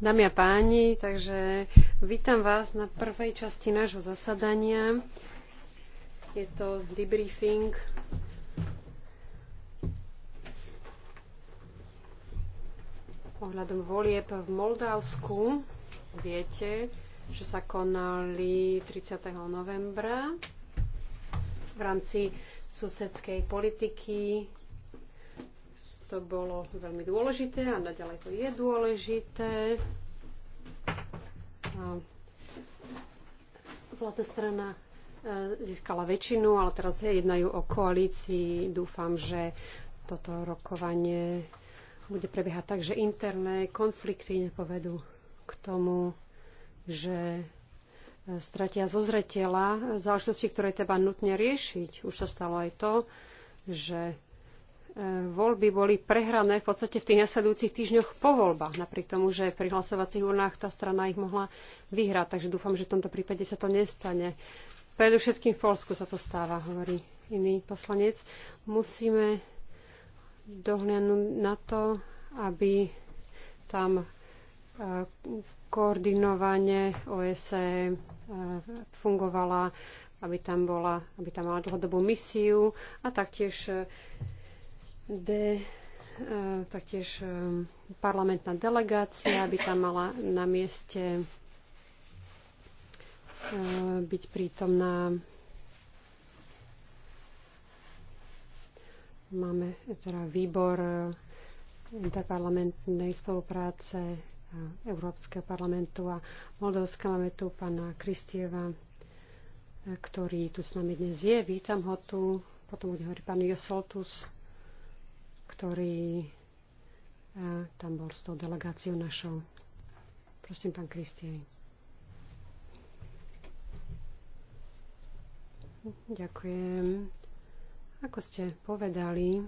Dámy a páni, takže vítam vás na prvej časti nášho zasadania. Je to debriefing ohľadom volieb v Moldavsku. Viete, že sa konali 30. novembra v rámci susedskej politiky to bolo veľmi dôležité a naďalej to je dôležité. Vládna strana e, získala väčšinu, ale teraz jednajú o koalícii. Dúfam, že toto rokovanie bude prebiehať tak, že interné konflikty nepovedú k tomu, že e, stratia zo zretela záležitosti, ktoré treba nutne riešiť. Už sa stalo aj to, že E, voľby boli prehrané v podstate v tých nasledujúcich týždňoch po voľbách, napriek tomu, že pri hlasovacích urnách tá strana ich mohla vyhrať. Takže dúfam, že v tomto prípade sa to nestane. Predovšetkým v Polsku sa to stáva, hovorí iný poslanec. Musíme dohľadnúť na to, aby tam e, koordinovanie OSE e, fungovala, aby tam, bola, aby tam mala dlhodobú misiu a taktiež D e, taktiež e, parlamentná delegácia by tam mala na mieste e, byť prítomná. Máme teda výbor interparlamentnej spolupráce Európskeho parlamentu a Moldovska. Máme tu pána Kristieva, ktorý tu s nami dnes je. Vítam ho tu. Potom bude hovoriť pán Josoltus ktorý tam bol s tou delegáciou našou. Prosím, pán Kristiej. Ďakujem. Ako ste povedali,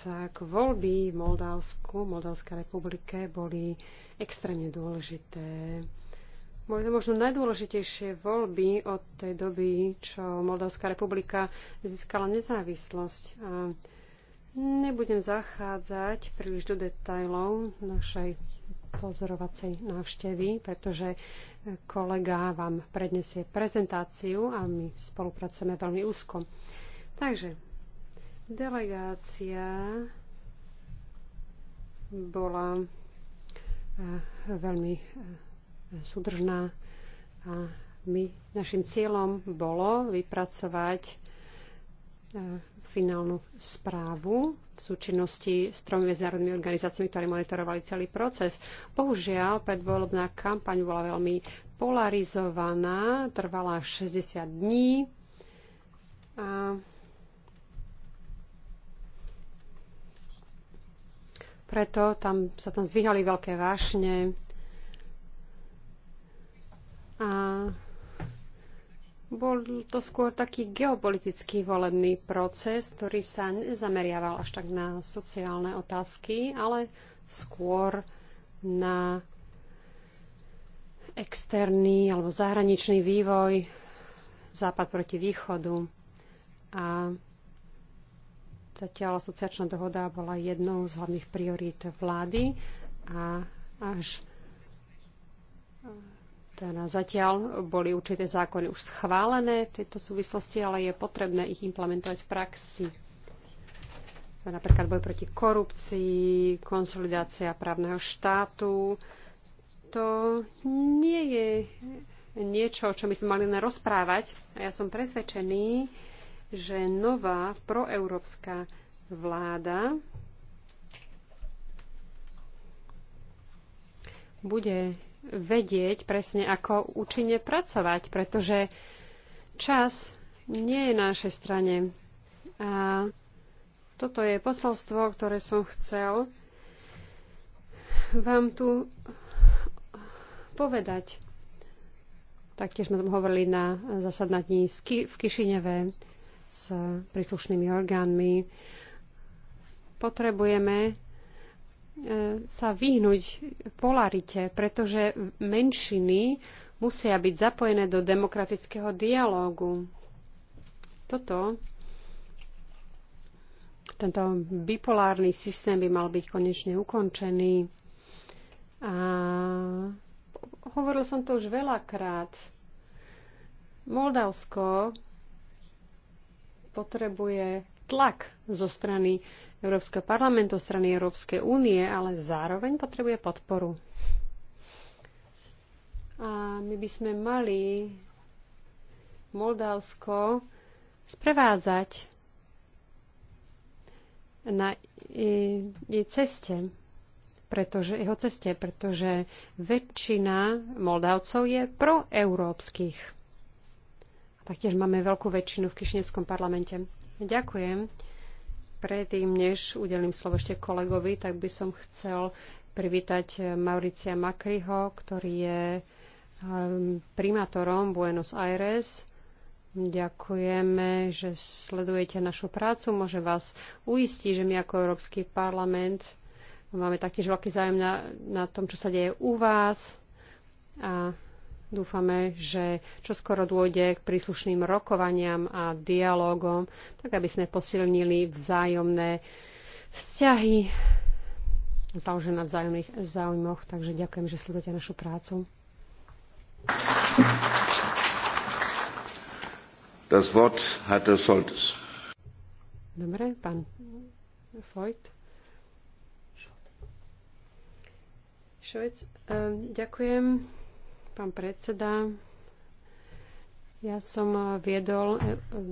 tak voľby v Moldavsku, v Moldavskej republike boli extrémne dôležité. Boli to možno najdôležitejšie voľby od tej doby, čo Moldavská republika získala nezávislosť. A Nebudem zachádzať príliš do detajlov našej pozorovacej návštevy, pretože kolega vám prednesie prezentáciu a my spolupracujeme veľmi úzko. Takže delegácia bola eh, veľmi eh, súdržná a my, našim cieľom bolo vypracovať E, finálnu správu v súčinnosti s tromi medzinárodnými organizáciami, ktoré monitorovali celý proces. Bohužiaľ, predvolebná kampaň bola veľmi polarizovaná, trvala 60 dní. A preto tam, sa tam zdvíhali veľké vášne. A bol to skôr taký geopolitický volebný proces, ktorý sa nezameriaval až tak na sociálne otázky, ale skôr na externý alebo zahraničný vývoj západ proti východu. A zatiaľ asociačná dohoda bola jednou z hlavných priorít vlády a až teda zatiaľ boli určité zákony už schválené v tejto súvislosti, ale je potrebné ich implementovať v praxi. Teda napríklad boj proti korupcii, konsolidácia právneho štátu. To nie je niečo, o čo čom by sme mali len rozprávať. A ja som presvedčený, že nová proeurópska vláda bude vedieť presne, ako účinne pracovať, pretože čas nie je na našej strane. A toto je posolstvo, ktoré som chcel vám tu povedať. Taktiež sme tam hovorili na zasadnatí v Kišineve s príslušnými orgánmi. Potrebujeme E, sa vyhnúť polarite, pretože menšiny musia byť zapojené do demokratického dialógu. Toto, tento bipolárny systém by mal byť konečne ukončený. A hovoril som to už veľakrát. Moldavsko potrebuje tlak zo strany Európskeho parlamentu, strany Európskej únie, ale zároveň potrebuje podporu. A my by sme mali Moldavsko sprevádzať na jej ceste, pretože, jeho ceste, pretože väčšina Moldavcov je proeurópskych. Taktiež máme veľkú väčšinu v Kišnevskom parlamente. Ďakujem. Predtým, než udelím slovo ešte kolegovi, tak by som chcel privítať eh, Mauricia Makriho, ktorý je ehm, primátorom Buenos Aires. Ďakujeme, že sledujete našu prácu. Môže vás uistiť, že my ako Európsky parlament máme taktiež veľký zájem na, na tom, čo sa deje u vás. A Dúfame, že čoskoro dôjde k príslušným rokovaniam a dialogom, tak aby sme posilnili vzájomné vzťahy založené na vzájomných záujmoch. Takže ďakujem, že sledujete našu prácu. Das Wort hat der Soltes. Dobre, pán Vojt. Ehm, ďakujem. Pán predseda, ja som viedol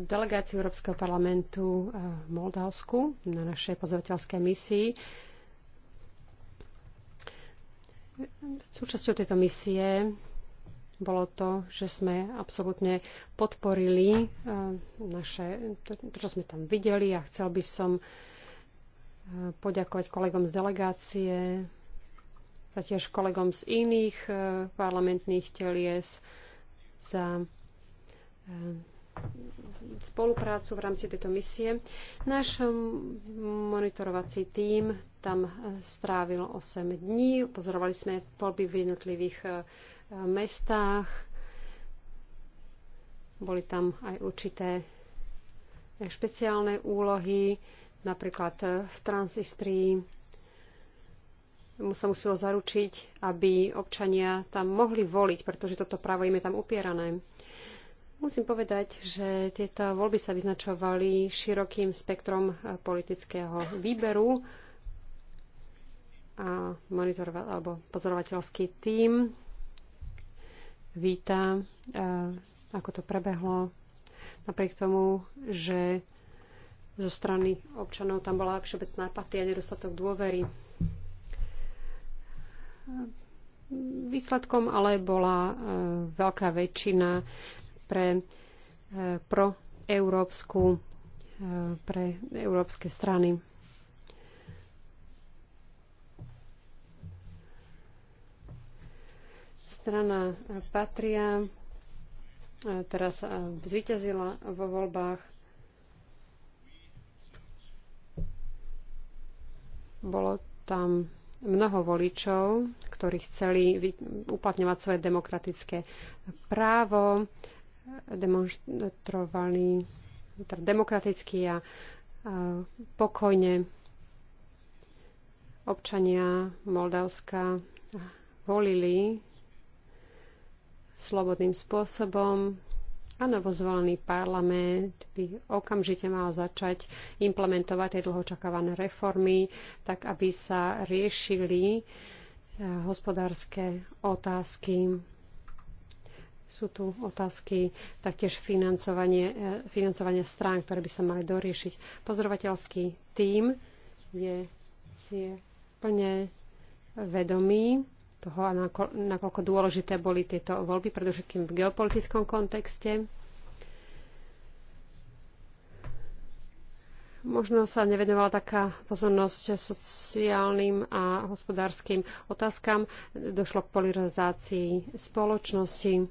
delegáciu Európskeho parlamentu v Moldavsku na našej pozorovateľskej misii. Súčasťou tejto misie bolo to, že sme absolútne podporili e, naše, to, to, čo sme tam videli a chcel by som e, poďakovať kolegom z delegácie, za tiež kolegom z iných e, parlamentných telies za e, spoluprácu v rámci tejto misie. Náš monitorovací tím tam e, strávil 8 dní. Pozorovali sme polby v jednotlivých mestách. Boli tam aj určité špeciálne úlohy, napríklad v Transistrii mu sa muselo zaručiť, aby občania tam mohli voliť, pretože toto právo im je tam upierané. Musím povedať, že tieto voľby sa vyznačovali širokým spektrom eh, politického výberu a monitoroval, alebo pozorovateľský tím víta, eh, ako to prebehlo, napriek tomu, že zo strany občanov tam bola všeobecná apatia, nedostatok dôvery Výsledkom ale bola e, veľká väčšina pre e, pro európsku, e, pre európske strany. Strana Patria teraz zvíťazila vo voľbách. Bolo tam mnoho voličov, ktorí chceli uplatňovať svoje demokratické právo, demonstrovali teda demokraticky a pokojne občania Moldavska volili slobodným spôsobom, a novozvolený parlament by okamžite mal začať implementovať tie dlhočakávané reformy, tak aby sa riešili eh, hospodárske otázky. Sú tu otázky taktiež financovanie, eh, financovanie strán, ktoré by sa mali doriešiť. Pozorovateľský tím je si je plne vedomý toho, nakoľko dôležité boli tieto voľby, predovšetkým v geopolitickom kontexte. Možno sa nevenovala taká pozornosť sociálnym a hospodárskym otázkam. Došlo k polarizácii spoločnosti.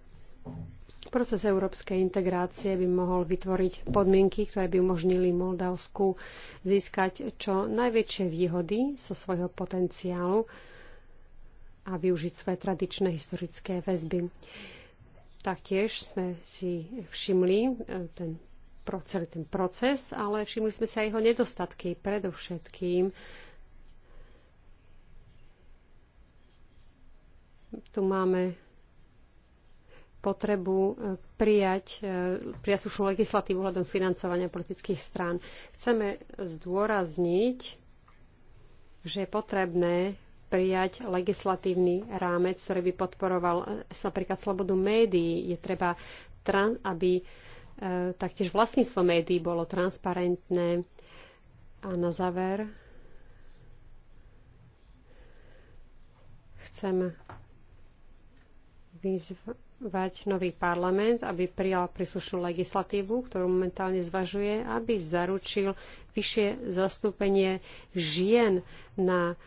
Proces európskej integrácie by mohol vytvoriť podmienky, ktoré by umožnili Moldavsku získať čo najväčšie výhody zo so svojho potenciálu a využiť svoje tradičné historické väzby. Taktiež sme si všimli e, ten, celý ten proces, ale všimli sme sa jeho nedostatky, predovšetkým tu máme potrebu e, prijať, e, prijať legislatívu hľadom financovania politických strán. Chceme zdôrazniť, že je potrebné prijať legislatívny rámec, ktorý by podporoval e, napríklad slobodu médií. Je treba, aby e, taktiež vlastníctvo médií bolo transparentné. A na záver chcem vyzvať nový parlament, aby prijal príslušnú legislatívu, ktorú momentálne zvažuje, aby zaručil vyššie zastúpenie žien na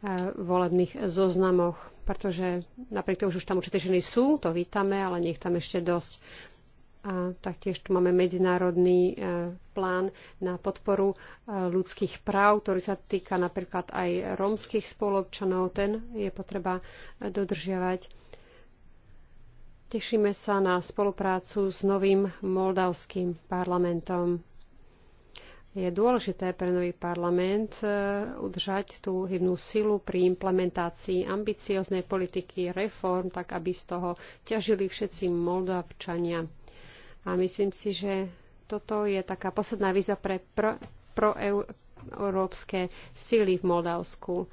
E, volebných zoznamoch, pretože napriek tomu, že už tam určité ženy sú, to vítame, ale nech tam ešte dosť. A taktiež tu máme medzinárodný e, plán na podporu e, ľudských práv, ktorý sa týka napríklad aj rómskych spolobčanov. Ten je potreba dodržiavať. Tešíme sa na spoluprácu s novým moldavským parlamentom je dôležité pre nový parlament e, udržať tú hybnú silu pri implementácii ambicioznej politiky reform, tak aby z toho ťažili všetci moldavčania. A myslím si, že toto je taká posledná víza pre pro, pro, síly v Moldavsku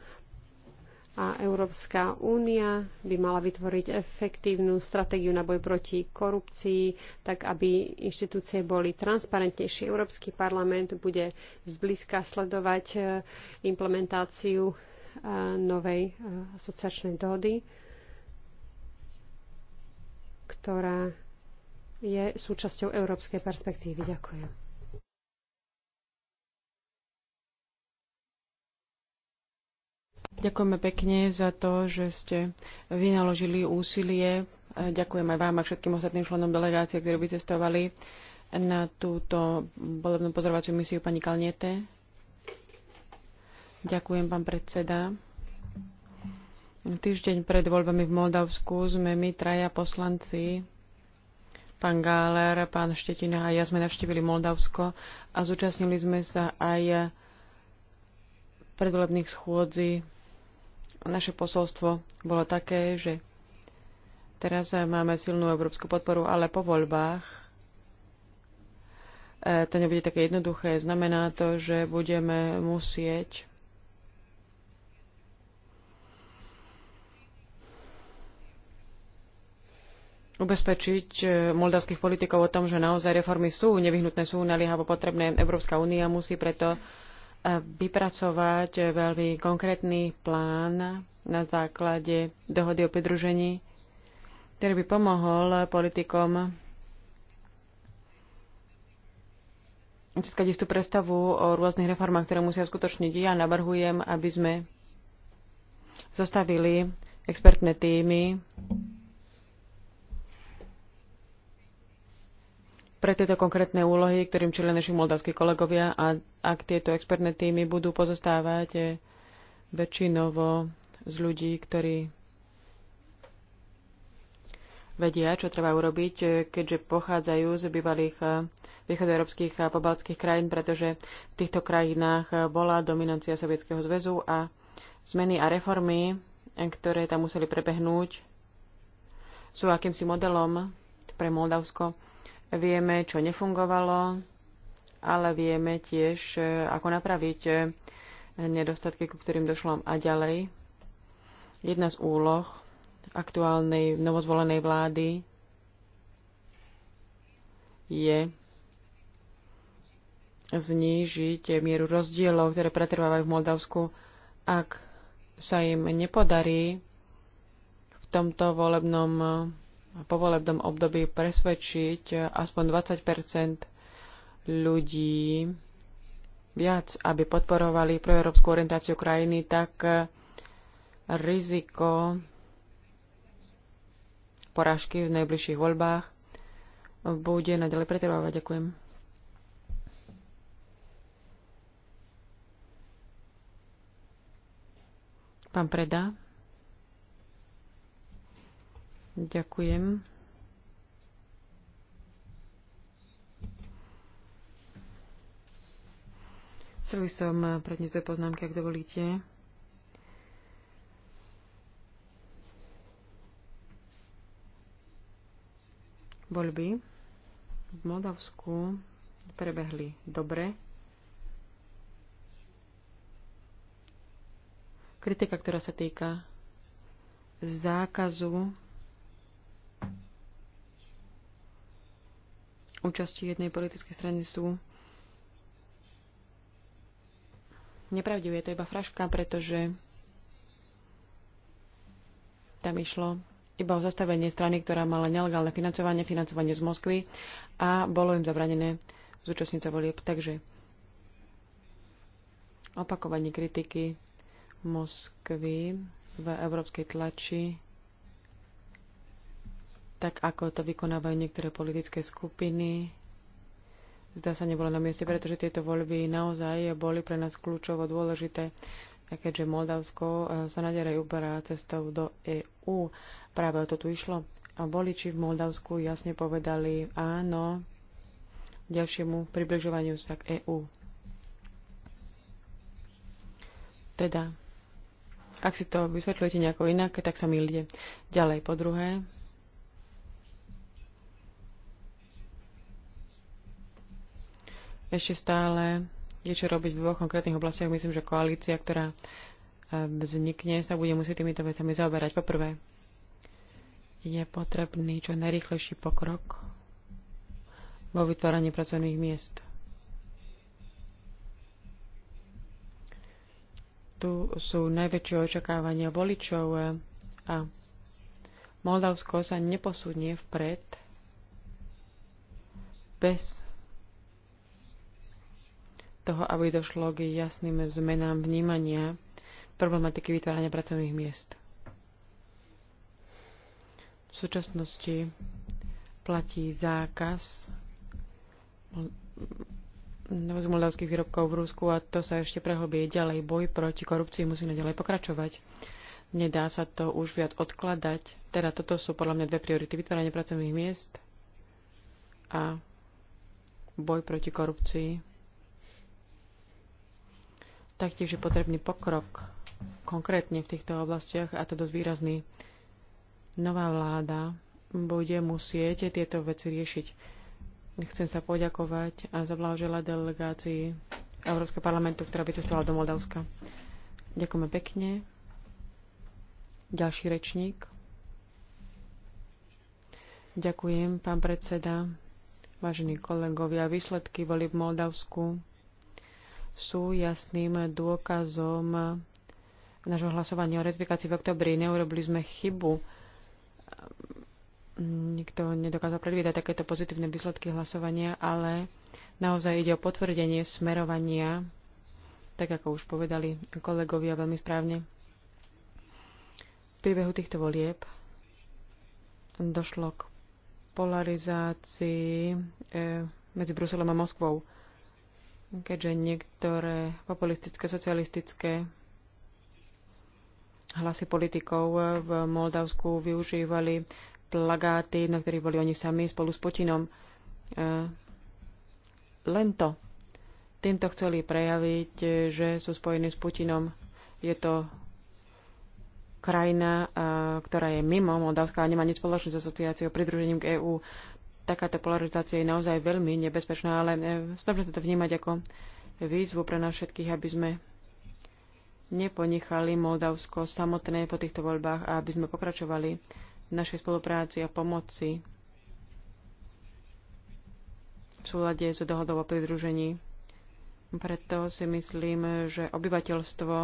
a Európska únia by mala vytvoriť efektívnu stratégiu na boj proti korupcii, tak aby inštitúcie boli transparentnejšie. Európsky parlament bude zblízka sledovať e, implementáciu e, novej e, asociačnej dohody, ktorá je súčasťou európskej perspektívy. Ďakujem. Ďakujeme pekne za to, že ste vynaložili úsilie. Ďakujem aj vám a všetkým ostatným členom delegácie, ktorí vycestovali na túto bolebnú pozorovaciu misiu pani Kalniete. Ďakujem, pán predseda. Týždeň pred voľbami v Moldavsku sme my traja poslanci, pán Gáler, pán Štetina a ja sme navštívili Moldavsko a zúčastnili sme sa aj predvolebných schôdzi naše posolstvo bolo také, že teraz máme silnú európsku podporu, ale po voľbách e, to nebude také jednoduché. Znamená to, že budeme musieť ubezpečiť e, moldavských politikov o tom, že naozaj reformy sú nevyhnutné, sú naliehavo potrebné. Európska únia musí preto vypracovať veľmi konkrétny plán na základe dohody o pridružení, ktorý by pomohol politikom získať istú predstavu o rôznych reformách, ktoré musia uskutočniť. Ja navrhujem, aby sme zostavili expertné týmy pre tieto konkrétne úlohy, ktorým čili naši moldavskí kolegovia a ak tieto expertné týmy budú pozostávať eh, väčšinovo z ľudí, ktorí vedia, čo treba urobiť, eh, keďže pochádzajú z bývalých eh, východoeurópskych a pobaltských krajín, pretože v týchto krajinách bola dominancia Sovietskeho zväzu a zmeny a reformy, ktoré tam museli prebehnúť, sú akýmsi modelom pre Moldavsko Vieme, čo nefungovalo, ale vieme tiež, e, ako napraviť e, nedostatky, ku ktorým došlo a ďalej. Jedna z úloh aktuálnej novozvolenej vlády je znížiť mieru rozdielov, ktoré pretrvávajú v Moldavsku, ak sa im nepodarí v tomto volebnom povolebnom období presvedčiť aspoň 20 ľudí viac, aby podporovali proeurópsku orientáciu krajiny, tak riziko porážky v najbližších voľbách bude naďalej pretrvávať. Ďakujem. Pán Preda. Ďakujem. Chceli som predniesť dve poznámky, ak dovolíte. Voľby v Moldavsku prebehli dobre. Kritika, ktorá sa týka zákazu účasti jednej politickej strany sú nepravdivé. Je to iba fraška, pretože tam išlo iba o zastavenie strany, ktorá mala nelegálne financovanie, financovanie z Moskvy a bolo im zabranené zúčastniť sa volieb. Takže opakovanie kritiky Moskvy v európskej tlači tak ako to vykonávajú niektoré politické skupiny. Zdá sa nebolo na mieste, pretože tieto voľby naozaj boli pre nás kľúčovo dôležité, keďže Moldavsko e, sa nadalej uberá cestou do EÚ. Práve o to tu išlo. A voliči v Moldavsku jasne povedali áno ďalšiemu približovaniu sa k EÚ. Teda, ak si to vysvetľujete nejako inak, tak sa milde. Ďalej, po druhé, Ešte stále je čo robiť v dvoch konkrétnych oblastiach. Myslím, že koalícia, ktorá e, vznikne, sa bude musieť týmito vecami zaoberať. Poprvé, je potrebný čo najrýchlejší pokrok vo vytváraní pracovných miest. Tu sú najväčšie očakávania voličov a Moldavsko sa neposunie vpred bez toho, aby došlo k jasným zmenám vnímania problematiky vytvárania pracovných miest. V súčasnosti platí zákaz z moldavských výrobkov v Rusku a to sa ešte prehlbie ďalej. Boj proti korupcii musí naďalej pokračovať. Nedá sa to už viac odkladať. Teda toto sú podľa mňa dve priority. Vytváranie pracovných miest a boj proti korupcii. Taktiež je potrebný pokrok konkrétne v týchto oblastiach a to dosť výrazný. Nová vláda bude musieť tieto veci riešiť. Chcem sa poďakovať a zablahoželať delegácii Európskeho parlamentu, ktorá by cestovala do Moldavska. Ďakujeme pekne. Ďalší rečník. Ďakujem, pán predseda. Vážení kolegovia, výsledky boli v Moldavsku sú jasným dôkazom nášho hlasovania o ratifikácii v oktobri. Neurobili sme chybu. Nikto nedokázal predvídať takéto pozitívne výsledky hlasovania, ale naozaj ide o potvrdenie smerovania, tak ako už povedali kolegovia veľmi správne. V priebehu týchto volieb došlo k polarizácii eh, medzi Bruselom a Moskvou keďže niektoré populistické, socialistické hlasy politikov v Moldavsku využívali plagáty, na ktorých boli oni sami spolu s Putinom. E, len to. Týmto chceli prejaviť, že sú spojení s Putinom. Je to krajina, e, ktorá je mimo Moldavska a nemá nič spoločné s asociáciou pridružením k EÚ takáto polarizácia je naozaj veľmi nebezpečná, ale e, snažme sa to vnímať ako výzvu pre nás všetkých, aby sme neponechali Moldavsko samotné po týchto voľbách a aby sme pokračovali v našej spolupráci a pomoci v súlade s dohodou o pridružení. Preto si myslím, že obyvateľstvo,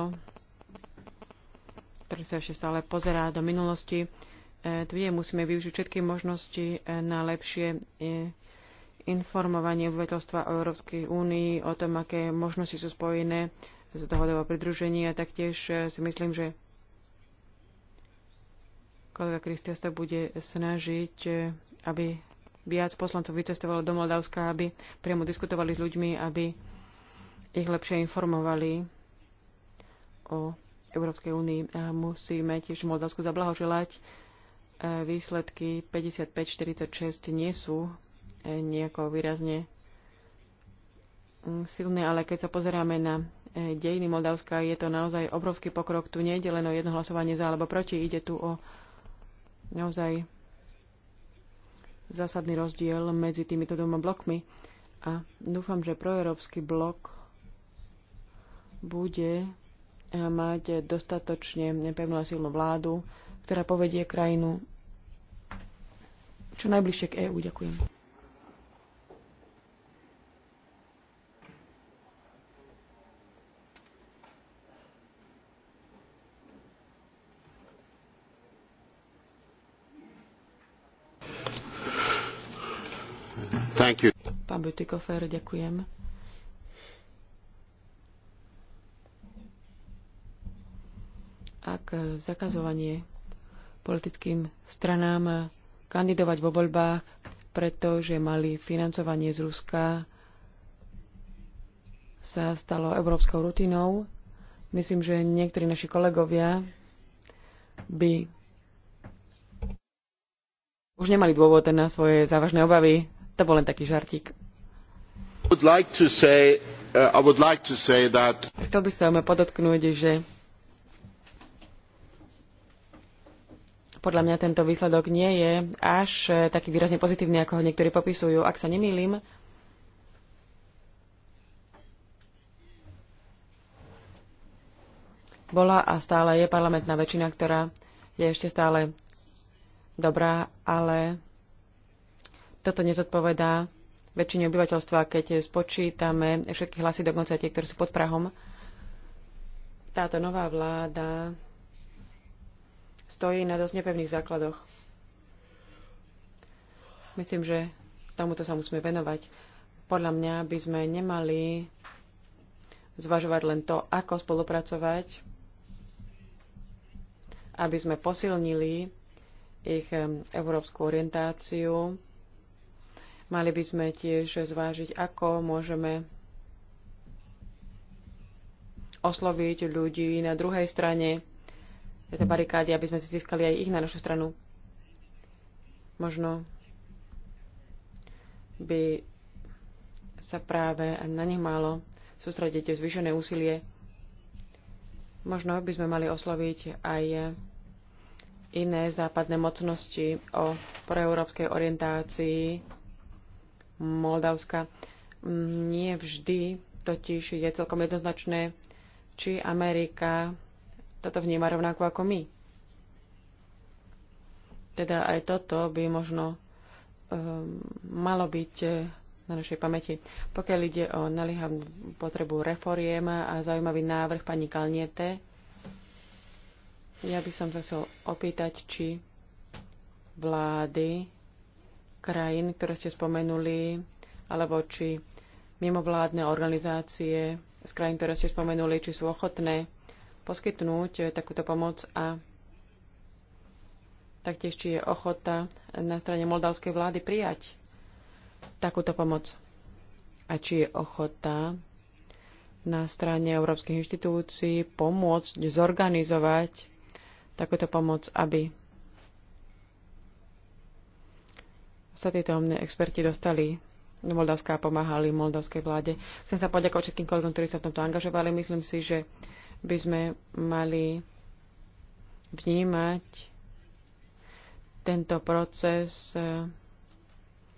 ktoré sa ešte stále pozerá do minulosti, tu musíme využiť všetky možnosti eh, na lepšie eh, informovanie obyvateľstva o Európskej únii, o tom, aké možnosti sú spojené s dohodou o pridružení a taktiež eh, si myslím, že kolega Kristias sa bude snažiť, aby viac poslancov vycestovalo do Moldavska, aby priamo diskutovali s ľuďmi, aby ich lepšie informovali o Európskej únii. Musíme tiež Moldavsku zablahoželať E, výsledky 55-46 nie sú e, nejako výrazne mm, silné, ale keď sa pozeráme na e, dejiny Moldavska, je to naozaj obrovský pokrok. Tu nie je len o jedno hlasovanie za alebo proti, ide tu o naozaj zásadný rozdiel medzi týmito dvoma blokmi. A dúfam, že proeurópsky blok bude mať dostatočne pevnú a silnú vládu, ktorá povedie krajinu čo najbližšie k EÚ. Ďakujem. Thank you. Pán Butikofer, ďakujem. Ak zakazovanie politickým stranám kandidovať vo voľbách, pretože mali financovanie z Ruska sa stalo európskou rutinou. Myslím, že niektorí naši kolegovia by už nemali dôvod na svoje závažné obavy. To bol len taký žartík. Uh, Chcel by som podotknúť, že Podľa mňa tento výsledok nie je až e, taký výrazne pozitívny, ako ho niektorí popisujú. Ak sa nemýlim, bola a stále je parlamentná väčšina, ktorá je ešte stále dobrá, ale toto nezodpovedá väčšine obyvateľstva, keď spočítame všetky hlasy, dokonca tie, ktoré sú pod Prahom. Táto nová vláda stojí na dosť nepevných základoch. Myslím, že tomuto sa musíme venovať. Podľa mňa by sme nemali zvažovať len to, ako spolupracovať, aby sme posilnili ich európsku orientáciu. Mali by sme tiež zvážiť, ako môžeme osloviť ľudí na druhej strane tejto barikády, aby sme si získali aj ich na našu stranu. Možno by sa práve na nich malo sústrediť zvyšené úsilie. Možno by sme mali osloviť aj iné západné mocnosti o proeurópskej orientácii Moldavska. Nie vždy totiž je celkom jednoznačné, či Amerika toto vníma rovnako ako my. Teda aj toto by možno um, malo byť eh, na našej pamäti. Pokiaľ ide o naliehavú potrebu reforiem a zaujímavý návrh pani Kalniete, ja by som sa chcel opýtať, či vlády krajín, ktoré ste spomenuli, alebo či mimovládne organizácie z krajín, ktoré ste spomenuli, či sú ochotné poskytnúť eh, takúto pomoc a taktiež či je ochota na strane moldavskej vlády prijať takúto pomoc a či je ochota na strane európskych inštitúcií pomôcť zorganizovať takúto pomoc, aby sa títo experti dostali do Moldavska a pomáhali moldavskej vláde. Chcem sa poďakovať všetkým kolegom, ktorí sa v tomto angažovali. Myslím si, že by sme mali vnímať tento proces eh,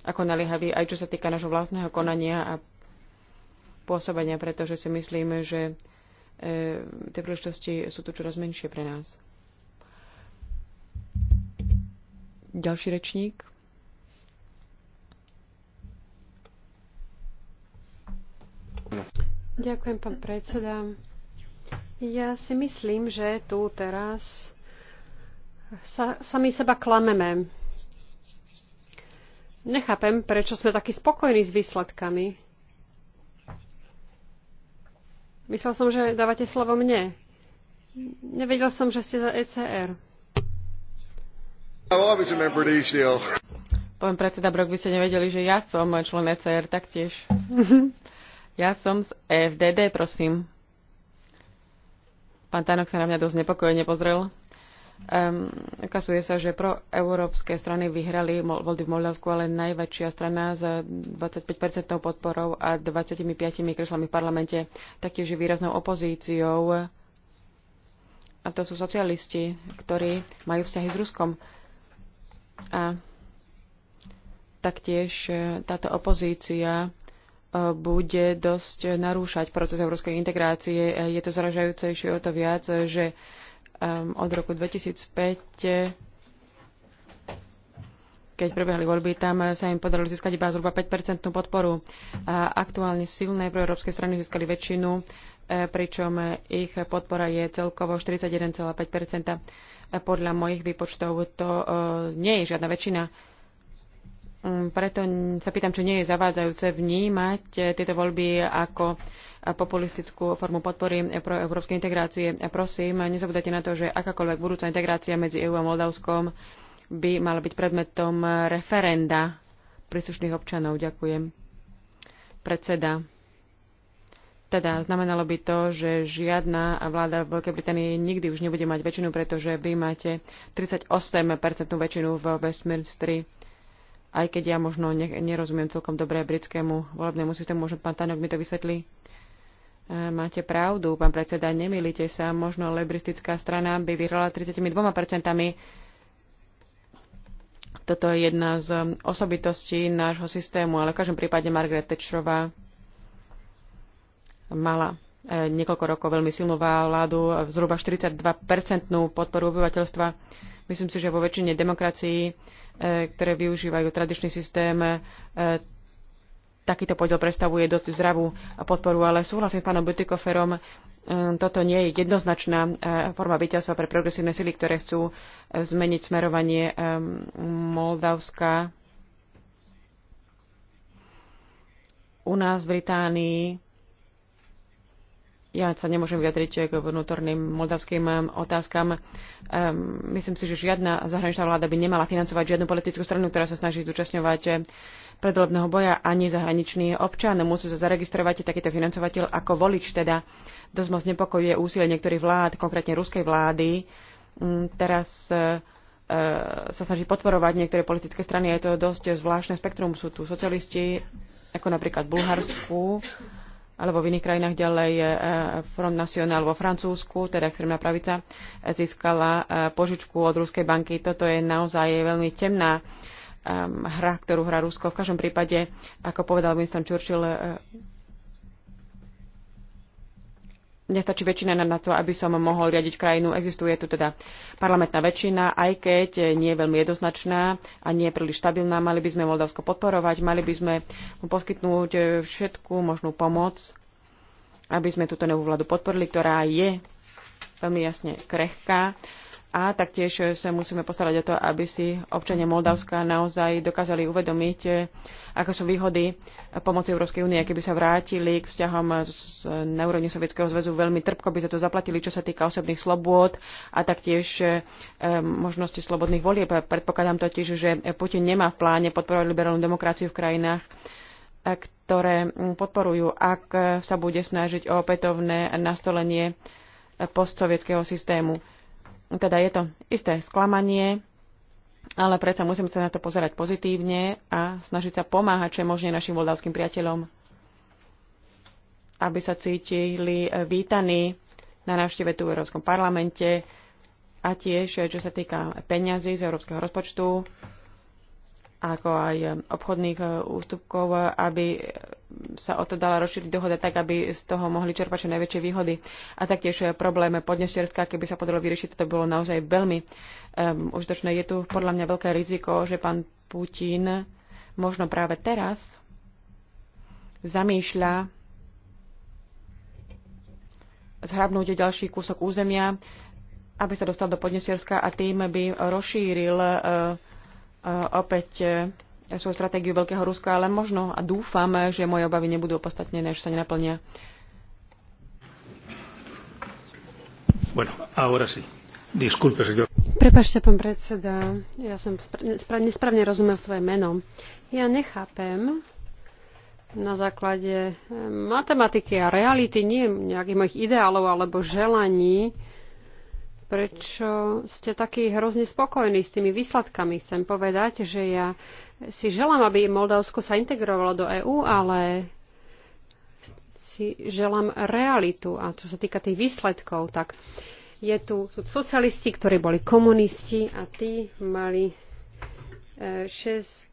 ako naliehavý, aj čo sa týka našho vlastného konania a pôsobenia, pretože si myslíme, že eh, tie príležitosti sú tu čoraz menšie pre nás. Ďalší rečník. Ďakujem, pán predseda. Ja si myslím, že tu teraz sa, sami seba klameme. Nechápem, prečo sme takí spokojní s výsledkami. Myslel som, že dávate slovo mne. Nevedel som, že ste za ECR. Poviem predseda Brok, by ste nevedeli, že ja som člen ECR taktiež. ja som z e FDD, prosím. Pán Tánok sa na mňa dosť nepokojne pozrel. Um, kasuje sa, že pro európske strany vyhrali voľby v Moldavsku, ale najväčšia strana s 25 podporou a 25 kreslami v parlamente, taktiež výraznou opozíciou. A to sú socialisti, ktorí majú vzťahy s Ruskom. A taktiež e, táto opozícia bude dosť narúšať proces európskej integrácie. Je to zražajúcejšie o to viac, že um, od roku 2005 keď prebehli voľby, tam sa im podarilo získať iba zhruba 5-percentnú podporu. A aktuálne silné pro európske strany získali väčšinu, e, pričom ich podpora je celkovo 41,5 Podľa mojich výpočtov to e, nie je žiadna väčšina Mm, preto sa pýtam, či nie je zavádzajúce vnímať eh, tieto voľby ako eh, populistickú formu podpory eh, pro európskej integrácie. Prosím, nezabudajte na to, že akákoľvek budúca integrácia medzi EÚ a Moldavskom by mala byť predmetom referenda príslušných občanov. Ďakujem. Predseda. Teda znamenalo by to, že žiadna vláda v Veľkej Británii nikdy už nebude mať väčšinu, pretože vy máte 38% väčšinu v Westminsteri aj keď ja možno nerozumiem celkom dobre britskému volebnému systému, možno pán Tanok mi to vysvetlí. E, máte pravdu, pán predseda, nemilite sa, možno lebristická strana by vyhrala 32%. Toto je jedna z um, osobitostí nášho systému, ale v každom prípade Margaret Thatcherová mala E, niekoľko rokov veľmi silnú vládu, zhruba 42-percentnú podporu obyvateľstva. Myslím si, že vo väčšine demokracií, e, ktoré využívajú tradičný systém, e, takýto podiel predstavuje dosť zdravú podporu, ale súhlasím s pánom Butikoferom, toto nie je jednoznačná forma víťazstva pre progresívne sily, ktoré chcú zmeniť smerovanie Moldavska. U nás v Británii ja sa nemôžem vyjadriť k vnútorným moldavským um, otázkam. Um, myslím si, že žiadna zahraničná vláda by nemala financovať žiadnu politickú stranu, ktorá sa snaží zúčastňovať um, predvolebného boja ani zahraničný občan. Musí sa zaregistrovať takýto financovateľ ako volič. Teda dosť moc nepokojuje úsilie niektorých vlád, konkrétne ruskej vlády. Teraz uh, uh, sa snaží podporovať niektoré politické strany. Je to dosť zvláštne spektrum. Sú tu socialisti, ako napríklad v Bulharsku, alebo v iných krajinách ďalej e, e, Front National vo Francúzsku, teda extrémna pravica, e, získala požičku od Ruskej banky. Toto je naozaj veľmi temná hra, ktorú hrá Rusko. V každom prípade, ako povedal Winston Churchill, nestačí väčšina na to, aby som mohol riadiť krajinu. Existuje tu teda parlamentná väčšina, aj keď nie je veľmi jednoznačná a nie je príliš stabilná. Mali by sme Moldavsko podporovať, mali by sme mu poskytnúť e, všetku možnú pomoc, aby sme túto novú vládu podporili, ktorá je veľmi jasne krehká a taktiež sa musíme postarať o to, aby si občania Moldavska naozaj dokázali uvedomiť, e, ako sú výhody pomoci Európskej únie, keby sa vrátili k vzťahom z, na úrovni Sovietskeho zväzu. Veľmi trpko by sa to zaplatili, čo sa týka osobných slobôd a taktiež e, e, možnosti slobodných volieb. Predpokladám totiž, že Putin nemá v pláne podporovať liberálnu demokraciu v krajinách, e, ktoré podporujú, ak sa bude snažiť o opätovné nastolenie postsovietského systému teda je to isté sklamanie, ale predsa musíme sa na to pozerať pozitívne a snažiť sa pomáhať čo je možné našim voldavským priateľom, aby sa cítili eh, vítaní na návšteve tu v Európskom parlamente a tiež, eh, čo sa týka peňazí z európskeho rozpočtu, ako aj eh, obchodných eh, ústupkov, eh, aby sa o to dala rozšíriť dohoda tak, aby z toho mohli čerpať čo najväčšie výhody. A taktiež problém podnešťerská, keby sa podalo vyriešiť, to bolo naozaj veľmi um, užitočné. Je tu podľa mňa veľké riziko, že pán Putin možno práve teraz zamýšľa zhrabnúť ďalší kúsok územia, aby sa dostal do Podnesierska a tým by rozšíril uh, opäť e, svoju stratégiu Veľkého Ruska, ale možno a dúfam, že moje obavy nebudú opodstatnené, že sa nenaplnia. Bueno, ahora sí. Disculpe, señor. Prepašte, pán predseda, ja som nesprávne rozumel svoje meno. Ja nechápem na základe e, matematiky a reality, nie nejakých mojich ideálov alebo želaní, prečo ste takí hrozne spokojní s tými výsledkami. Chcem povedať, že ja si želám, aby Moldavsko sa integrovalo do EÚ, ale si želám realitu. A čo sa týka tých výsledkov, tak je tu, sú socialisti, ktorí boli komunisti a tí mali 600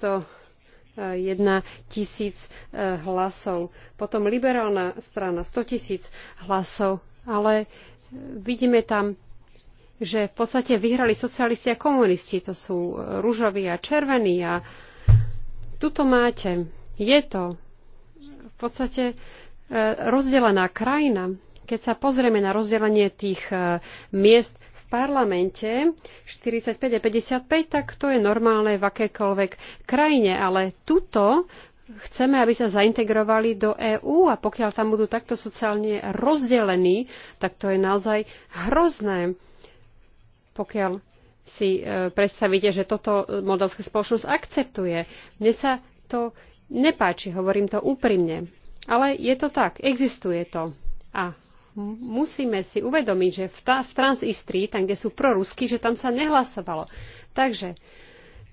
e, 1 e, tisíc e, hlasov. Potom liberálna strana 100 tisíc hlasov. Ale vidíme tam že v podstate vyhrali socialisti a komunisti. To sú rúžoví a červení a tuto máte. Je to v podstate e, rozdelená krajina. Keď sa pozrieme na rozdelenie tých e, miest v parlamente 45 a 55, tak to je normálne v akékoľvek krajine, ale tuto chceme, aby sa zaintegrovali do EÚ a pokiaľ tam budú takto sociálne rozdelení, tak to je naozaj hrozné pokiaľ si e, predstavíte, že toto e, moldavská spoločnosť akceptuje. Mne sa to nepáči, hovorím to úprimne. Ale je to tak, existuje to. A musíme si uvedomiť, že v, ta, v Transistrii, tam, kde sú prorusky, že tam sa nehlasovalo. Takže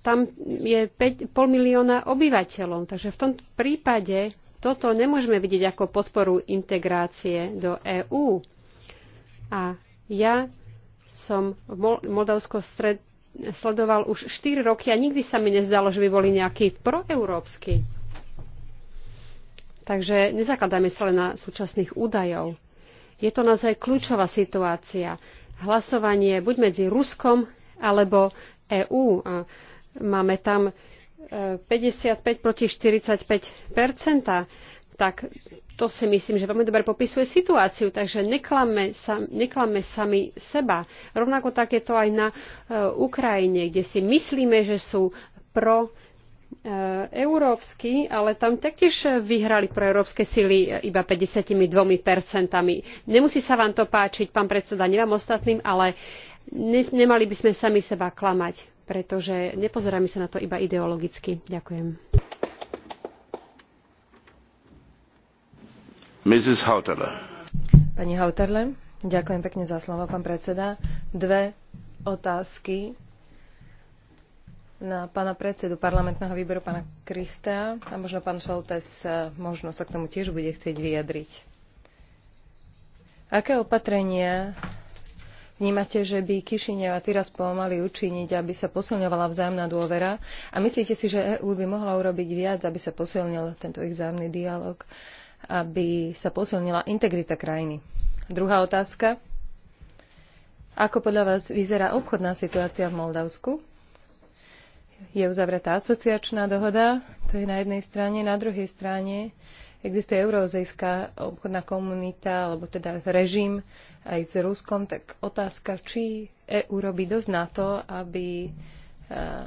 tam je 5, pol milióna obyvateľov. Takže v tom prípade toto nemôžeme vidieť ako podporu integrácie do EÚ. A ja som Moldavsko stred, sledoval už 4 roky a nikdy sa mi nezdalo, že by boli nejakí proeurópsky. Takže nezakladáme sa len na súčasných údajov. Je to naozaj kľúčová situácia. Hlasovanie buď medzi Ruskom alebo EÚ. Máme tam 55 e, proti 45 tak to si myslím, že veľmi dobre popisuje situáciu. Takže neklame, sa, neklame sami seba. Rovnako tak je to aj na e, Ukrajine, kde si myslíme, že sú pro eh, európsky, ale tam taktiež vyhrali pro európske sily iba 52%. Nemusí sa vám to páčiť, pán predseda, nevám ostatným, ale ne, nemali by sme sami seba klamať, pretože nepozeráme sa na to iba ideologicky. Ďakujem. Pani Hautala, ďakujem pekne za slovo, pán predseda. Dve otázky na pána predsedu parlamentného výboru, pána Krista. A možno pán Šoltes eh, možno sa k tomu tiež bude chcieť vyjadriť. Aké opatrenia Vnímate, že by Kišinev a Tiraspol mali učiniť, aby sa posilňovala vzájomná dôvera? A myslíte si, že EÚ by mohla urobiť viac, aby sa posilnil tento ich vzájomný dialog? aby sa posilnila integrita krajiny. Druhá otázka. Ako podľa vás vyzerá obchodná situácia v Moldavsku? Je uzavretá asociačná dohoda, to je na jednej strane, na druhej strane existuje eurozejská obchodná komunita, alebo teda režim aj s Ruskom, tak otázka, či EU robí dosť na to, aby eh,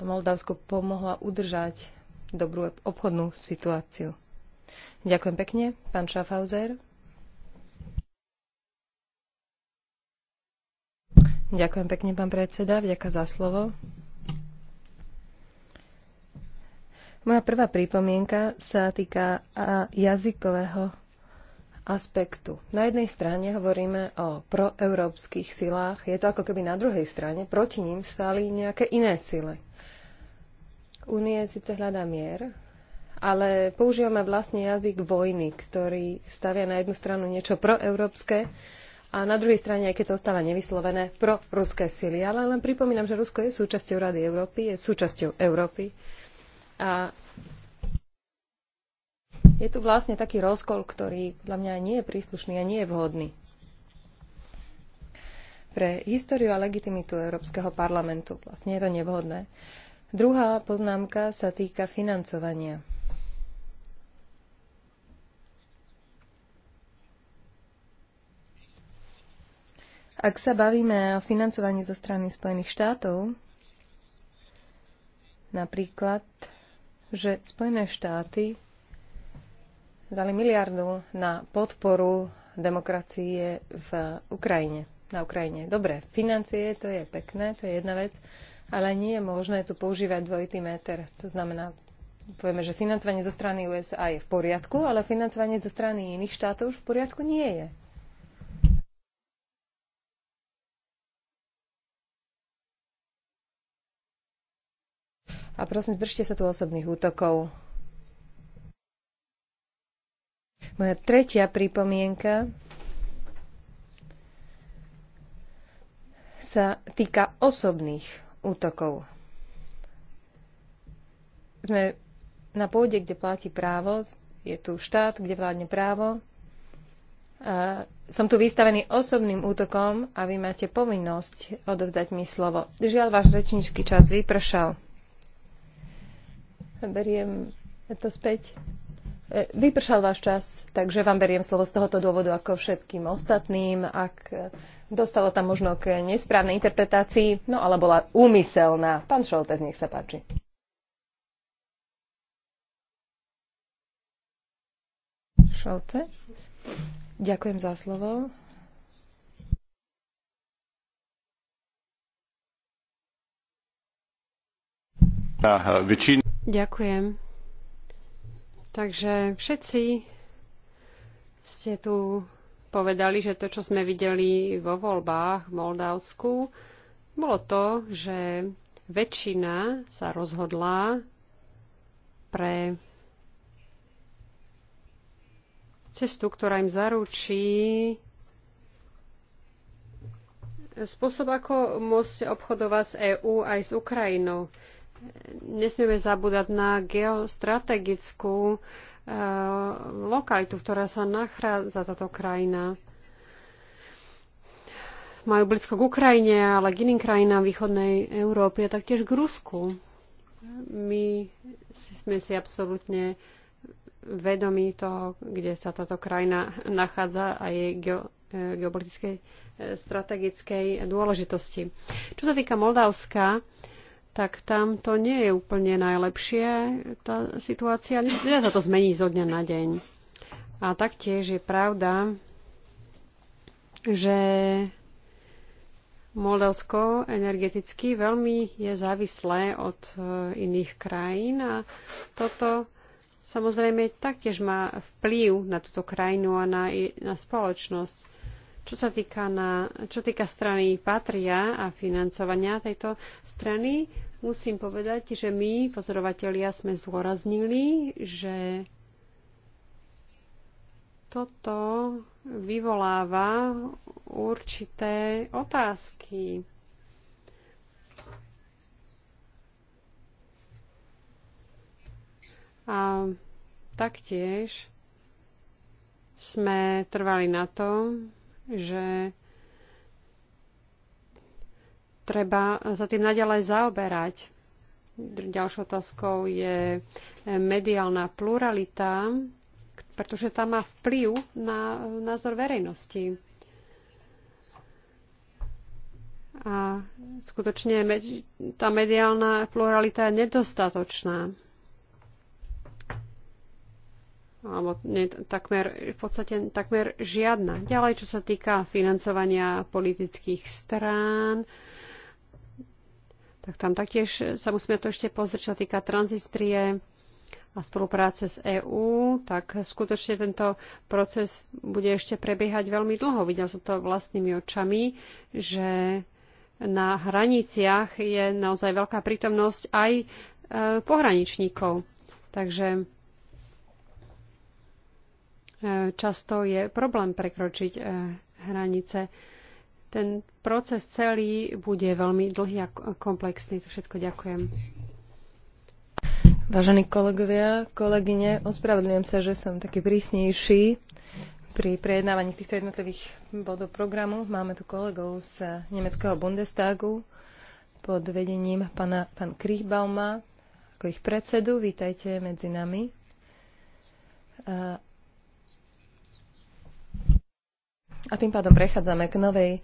Moldavsko pomohla udržať dobrú obchodnú situáciu. Ďakujem pekne. Pán Schaffhauser. Ďakujem pekne, pán predseda. Vďaka za slovo. Moja prvá pripomienka sa týka jazykového aspektu. Na jednej strane hovoríme o proeurópskych silách, je to ako keby na druhej strane, proti ním stáli nejaké iné sily. Únie síce hľadá mier, ale používame vlastne jazyk vojny, ktorý stavia na jednu stranu niečo proeurópske a na druhej strane, aj keď to ostáva nevyslovené, pro ruské sily. Ale len pripomínam, že Rusko je súčasťou Rady Európy, je súčasťou Európy a je tu vlastne taký rozkol, ktorý podľa mňa nie je príslušný a nie je vhodný pre históriu a legitimitu Európskeho parlamentu. Vlastne je to nevhodné. Druhá poznámka sa týka financovania. Ak sa bavíme o financovaní zo strany Spojených štátov, napríklad, že Spojené štáty dali miliardu na podporu demokracie v Ukrajine. Na Ukrajine. Dobre, financie, to je pekné, to je jedna vec, ale nie je možné tu používať dvojitý meter. To znamená, povieme, že financovanie zo strany USA je v poriadku, ale financovanie zo strany iných štátov už v poriadku nie je. A prosím, držte sa tu osobných útokov. Moja tretia pripomienka sa týka osobných útokov. Sme na pôde, kde platí právo, je tu štát, kde vládne právo. A som tu vystavený osobným útokom a vy máte povinnosť odovzdať mi slovo. Žiaľ, váš rečnícky čas vypršal. Beriem to späť. E, vypršal váš čas, takže vám beriem slovo z tohoto dôvodu ako všetkým ostatným. Ak dostalo tam možno k nesprávnej interpretácii, no ale bola úmyselná. Pán Šoltes, nech sa páči. Šolce. Ďakujem za slovo. väčšina Ďakujem. Takže všetci ste tu povedali, že to, čo sme videli vo voľbách v Moldavsku, bolo to, že väčšina sa rozhodla pre cestu, ktorá im zaručí spôsob, ako môcť obchodovať s EÚ aj s Ukrajinou nesmieme zabúdať na geostrategickú e, lokalitu, ktorá sa nachádza táto krajina. Majú blízko k Ukrajine, ale k iným krajinám východnej Európy a taktiež k Rusku. My sme si absolútne vedomí toho, kde sa táto krajina nachádza a jej geo, e, geopolitickej e, strategickej dôležitosti. Čo sa týka Moldavska, tak tam to nie je úplne najlepšie, tá situácia. Nedá sa to zmeniť zo dňa na deň. A taktiež je pravda, že Moldavsko energeticky veľmi je závislé od e, iných krajín a toto samozrejme taktiež má vplyv na túto krajinu a na, na spoločnosť. Čo sa týka, na, čo týka strany Patria a financovania tejto strany, musím povedať, že my, pozorovatelia, sme zdôraznili, že toto vyvoláva určité otázky. A taktiež sme trvali na tom, že treba sa tým naďalej zaoberať. Ďalšou otázkou je eh, mediálna pluralita, pretože tá má vplyv na eh, názor verejnosti. A skutočne tá mediálna pluralita je nedostatočná alebo nie, takmer, v podstate takmer žiadna. Ďalej, čo sa týka financovania politických strán, tak tam taktiež sa musíme to ešte pozrieť, čo týka tranzistrie a spolupráce s EÚ, tak skutočne tento proces bude ešte prebiehať veľmi dlho. Videl som to vlastnými očami, že na hraniciach je naozaj veľká prítomnosť aj e, pohraničníkov. Takže E, často je problém prekročiť e, hranice. Ten proces celý bude veľmi dlhý a komplexný. To všetko ďakujem. Vážení kolegovia, kolegyne, ospravedlňujem sa, že som taký prísnejší pri prejednávaní týchto jednotlivých bodov programu. Máme tu kolegov z nemeckého Bundestagu pod vedením pana, pán Krichbauma ako ich predsedu. Vítajte medzi nami. A tým pádom prechádzame k novej e,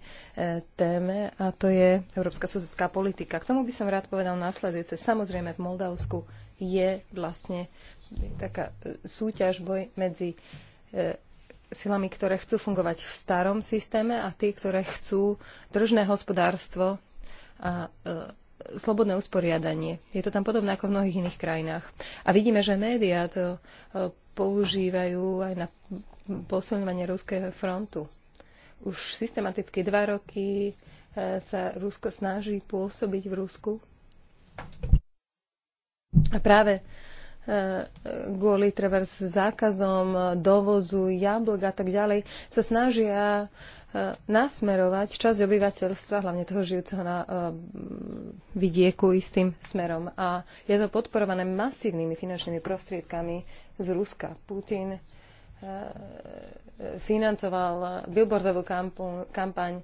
téme a to je európska susedská politika. K tomu by som rád povedal následujúce. Samozrejme v Moldavsku je vlastne taká e, súťaž, boj medzi e, silami, ktoré chcú fungovať v starom systéme a tí, ktoré chcú držné hospodárstvo a e, slobodné usporiadanie. Je to tam podobné ako v mnohých iných krajinách. A vidíme, že médiá to e, používajú aj na posilňovanie ruského frontu. Už systematicky dva roky e, sa Rusko snaží pôsobiť v Rusku. A práve e, kvôli treba s zákazom dovozu jablk a tak ďalej, sa snažia e, nasmerovať časť obyvateľstva, hlavne toho žijúceho na vidieku, istým smerom. A je to podporované masívnymi finančnými prostriedkami z Ruska. Putin E, financoval billboardovú kampu, kampaň, e,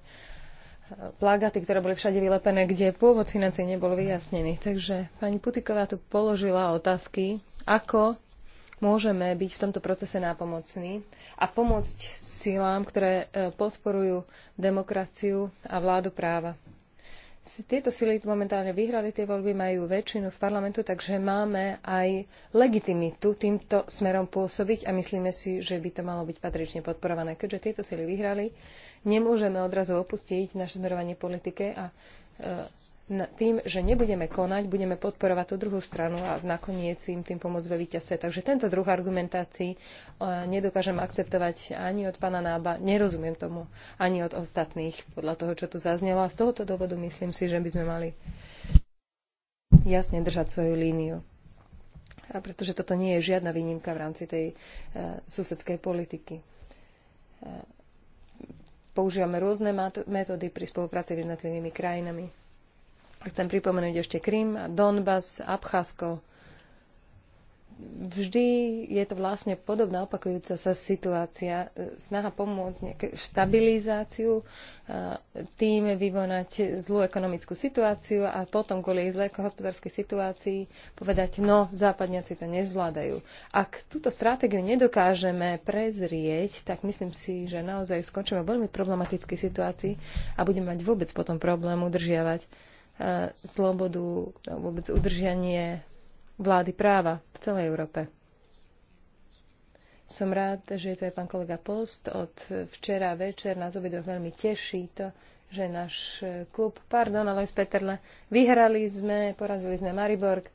plagaty, ktoré boli všade vylepené, kde pôvod financie nebol vyjasnený. Takže pani Putiková tu položila otázky, ako môžeme byť v tomto procese nápomocní a pomôcť silám, ktoré e, podporujú demokraciu a vládu práva tieto sily momentálne vyhrali tie voľby, majú väčšinu v parlamentu, takže máme aj legitimitu týmto smerom pôsobiť a myslíme si, že by to malo byť patrične podporované. Keďže tieto sily vyhrali, nemôžeme odrazu opustiť naše smerovanie politike a e, tým, že nebudeme konať, budeme podporovať tú druhú stranu a nakoniec im tým pomôcť ve víťazstve. Takže tento druh argumentácií e, nedokážem akceptovať ani od pána Nába, nerozumiem tomu, ani od ostatných, podľa toho, čo tu zaznelo. A z tohoto dôvodu myslím si, že by sme mali jasne držať svoju líniu. A pretože toto nie je žiadna výnimka v rámci tej e, susedskej politiky. E, používame rôzne metódy pri spolupráci s jednotlivými krajinami Chcem pripomenúť ešte Krym, Donbass, Abcházko. Vždy je to vlastne podobná opakujúca sa situácia. Snaha pomôcť stabilizáciu, tým vyvonať zlú ekonomickú situáciu a potom kvôli zlej hospodárskej situácii povedať, no, západňaci to nezvládajú. Ak túto stratégiu nedokážeme prezrieť, tak myslím si, že naozaj skončíme v veľmi problematickej situácii a budeme mať vôbec potom problém udržiavať E, slobodu vôbec udržanie vlády práva v celej Európe. Som rád, že to je pán kolega Post. Od včera večer nás obidvoch veľmi teší to, že náš klub, pardon, ale Peterle, vyhrali sme, porazili sme Mariborg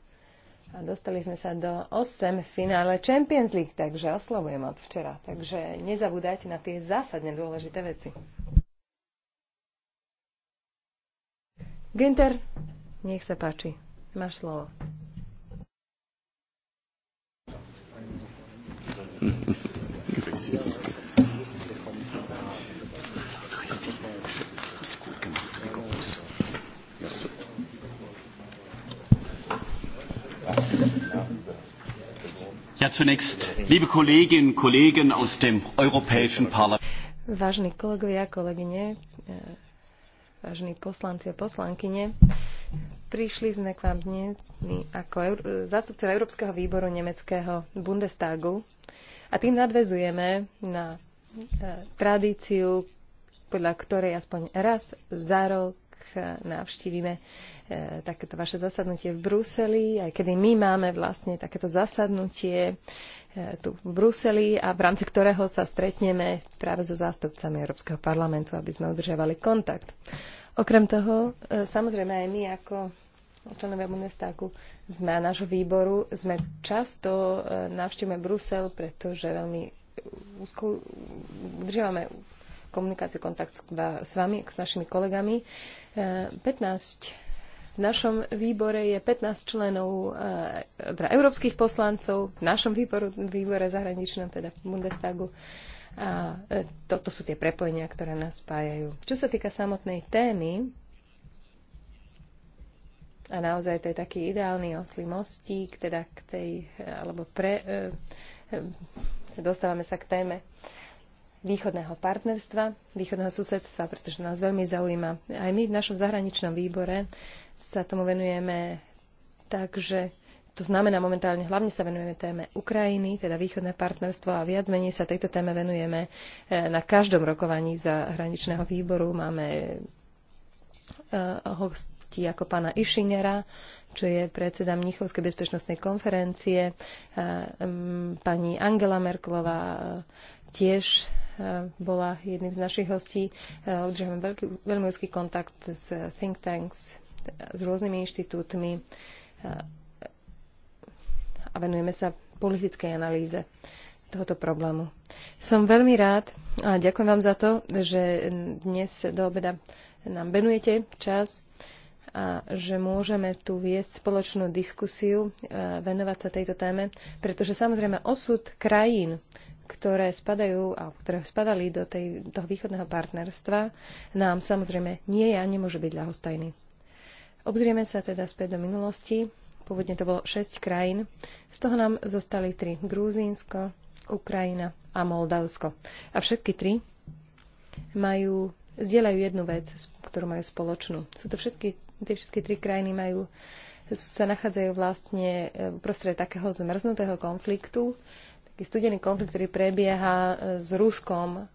a dostali sme sa do 8 finále Champions League, takže oslovujem od včera. Takže nezabúdajte na tie zásadne dôležité veci. Günther, nech sa páči. Máš slovo. Ja, zunächst, liebe Kolleginnen und Kollegen aus dem Europäischen Parlament. Vážení kolegovia, kolegyne, eh, vážení poslanci a poslankyne. Prišli sme k vám dnes ako Eur- zástupcov Európskeho výboru nemeckého Bundestagu a tým nadvezujeme na e, tradíciu, podľa ktorej aspoň raz za rok tak navštívime e, takéto vaše zasadnutie v Bruseli, aj kedy my máme vlastne takéto zasadnutie e, tu v Bruseli a v rámci ktorého sa stretneme práve so zástupcami Európskeho parlamentu, aby sme udržiavali kontakt. Okrem toho, e, samozrejme aj my ako členovia Bundestagu sme a nášho výboru, sme často navštívime Brusel, pretože veľmi udržiavame komunikáciu, kontakt s vami, s našimi kolegami. 15 eh, v našom výbore je 15 členov eh, teda európskych poslancov, v našom výboru, výbore zahraničnom, teda Bundestagu. A eh, toto sú tie prepojenia, ktoré nás spájajú. Čo sa týka samotnej témy, a naozaj to je taký ideálny oslý mostík, teda k tej, alebo pre, e, e, dostávame sa k téme. E, východného partnerstva, východného susedstva, pretože nás veľmi zaujíma. Aj my v našom zahraničnom výbore sa tomu venujeme tak, že to znamená momentálne, hlavne sa venujeme téme Ukrajiny, teda východné partnerstvo a viac menej sa tejto téme venujeme e, na každom rokovaní zahraničného výboru. Máme e, hosti ako pána Išinera, čo je predseda Mnichovskej bezpečnostnej konferencie, pani Angela Merklová, e, tiež Eh, bola jedným z našich hostí. Eh, Udržujeme veľmi úzky kontakt s eh, think tanks, s rôznymi inštitútmi a venujeme sa politickej analýze tohoto problému. Som veľmi rád a ďakujem vám za to, že dnes do obeda nám venujete čas a že môžeme tu viesť spoločnú diskusiu, venovať sa tejto téme, pretože samozrejme osud krajín, ktoré spadajú, a ktoré spadali do tej, toho východného partnerstva, nám samozrejme nie je a nemôže byť ľahostajný. Obzrieme sa teda späť do minulosti. Pôvodne to bolo 6 krajín. Z toho nám zostali 3. Gruzínsko, Ukrajina a Moldavsko. A všetky tri majú, zdieľajú jednu vec, ktorú majú spoločnú. Sú to všetky, tie všetky tri krajiny majú sa nachádzajú vlastne e, prostred takého zmrznutého konfliktu taký studený konflikt, ktorý prebieha e, s Ruskom.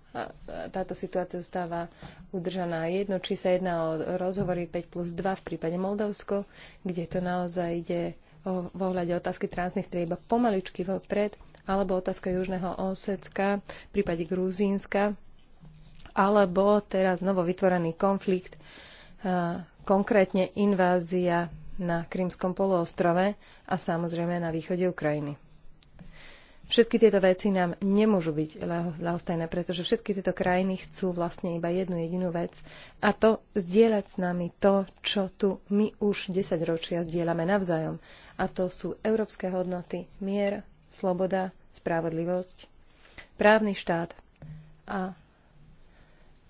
Táto situácia zostáva udržaná jedno, či sa jedná o rozhovory 5 plus 2 v prípade Moldavsko, kde to naozaj ide o, v ohľade otázky Transnistrie iba pomaličky vopred, alebo otázka Južného Osecka, v prípade Gruzínska, alebo teraz novo vytvorený konflikt, e, konkrétne invázia na Krymskom poloostrove a samozrejme na východe Ukrajiny. Všetky tieto veci nám nemôžu byť ľahostajné, pretože všetky tieto krajiny chcú vlastne iba jednu jedinú vec a to zdieľať s nami to, čo tu my už 10 ročia zdieľame navzájom. A to sú európske hodnoty, mier, sloboda, spravodlivosť, právny štát a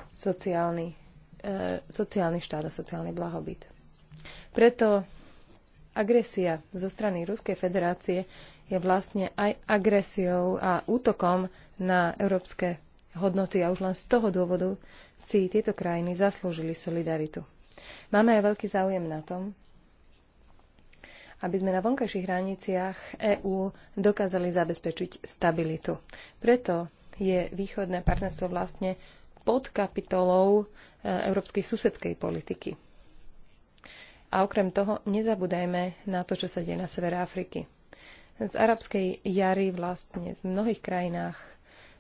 sociálny, e, sociálny štát a sociálny blahobyt. Preto agresia zo strany Ruskej federácie je vlastne aj agresiou a útokom na európske hodnoty a už len z toho dôvodu si tieto krajiny zaslúžili solidaritu. Máme aj veľký záujem na tom, aby sme na vonkajších hraniciach EÚ dokázali zabezpečiť stabilitu. Preto je východné partnerstvo vlastne pod kapitolou e, európskej susedskej politiky. A okrem toho nezabúdajme na to, čo sa deje na severe Afriky z arabskej jary vlastne v mnohých krajinách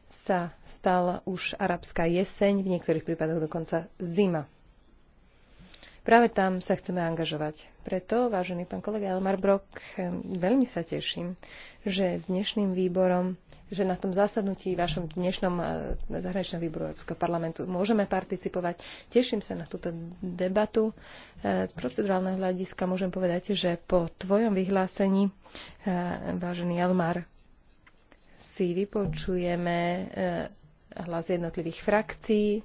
sa stala už arabská jeseň, v niektorých prípadoch dokonca zima. Práve tam sa chceme angažovať. Preto, vážený pán kolega Elmar Brok, veľmi sa teším, že s dnešným výborom, že na tom zasadnutí vašom dnešnom eh, zahraničnom výboru Európskeho parlamentu môžeme participovať. Teším sa na túto debatu. Eh, z procedurálneho hľadiska môžem povedať, že po tvojom vyhlásení, eh, vážený Elmar, si vypočujeme hlas jednotlivých frakcií,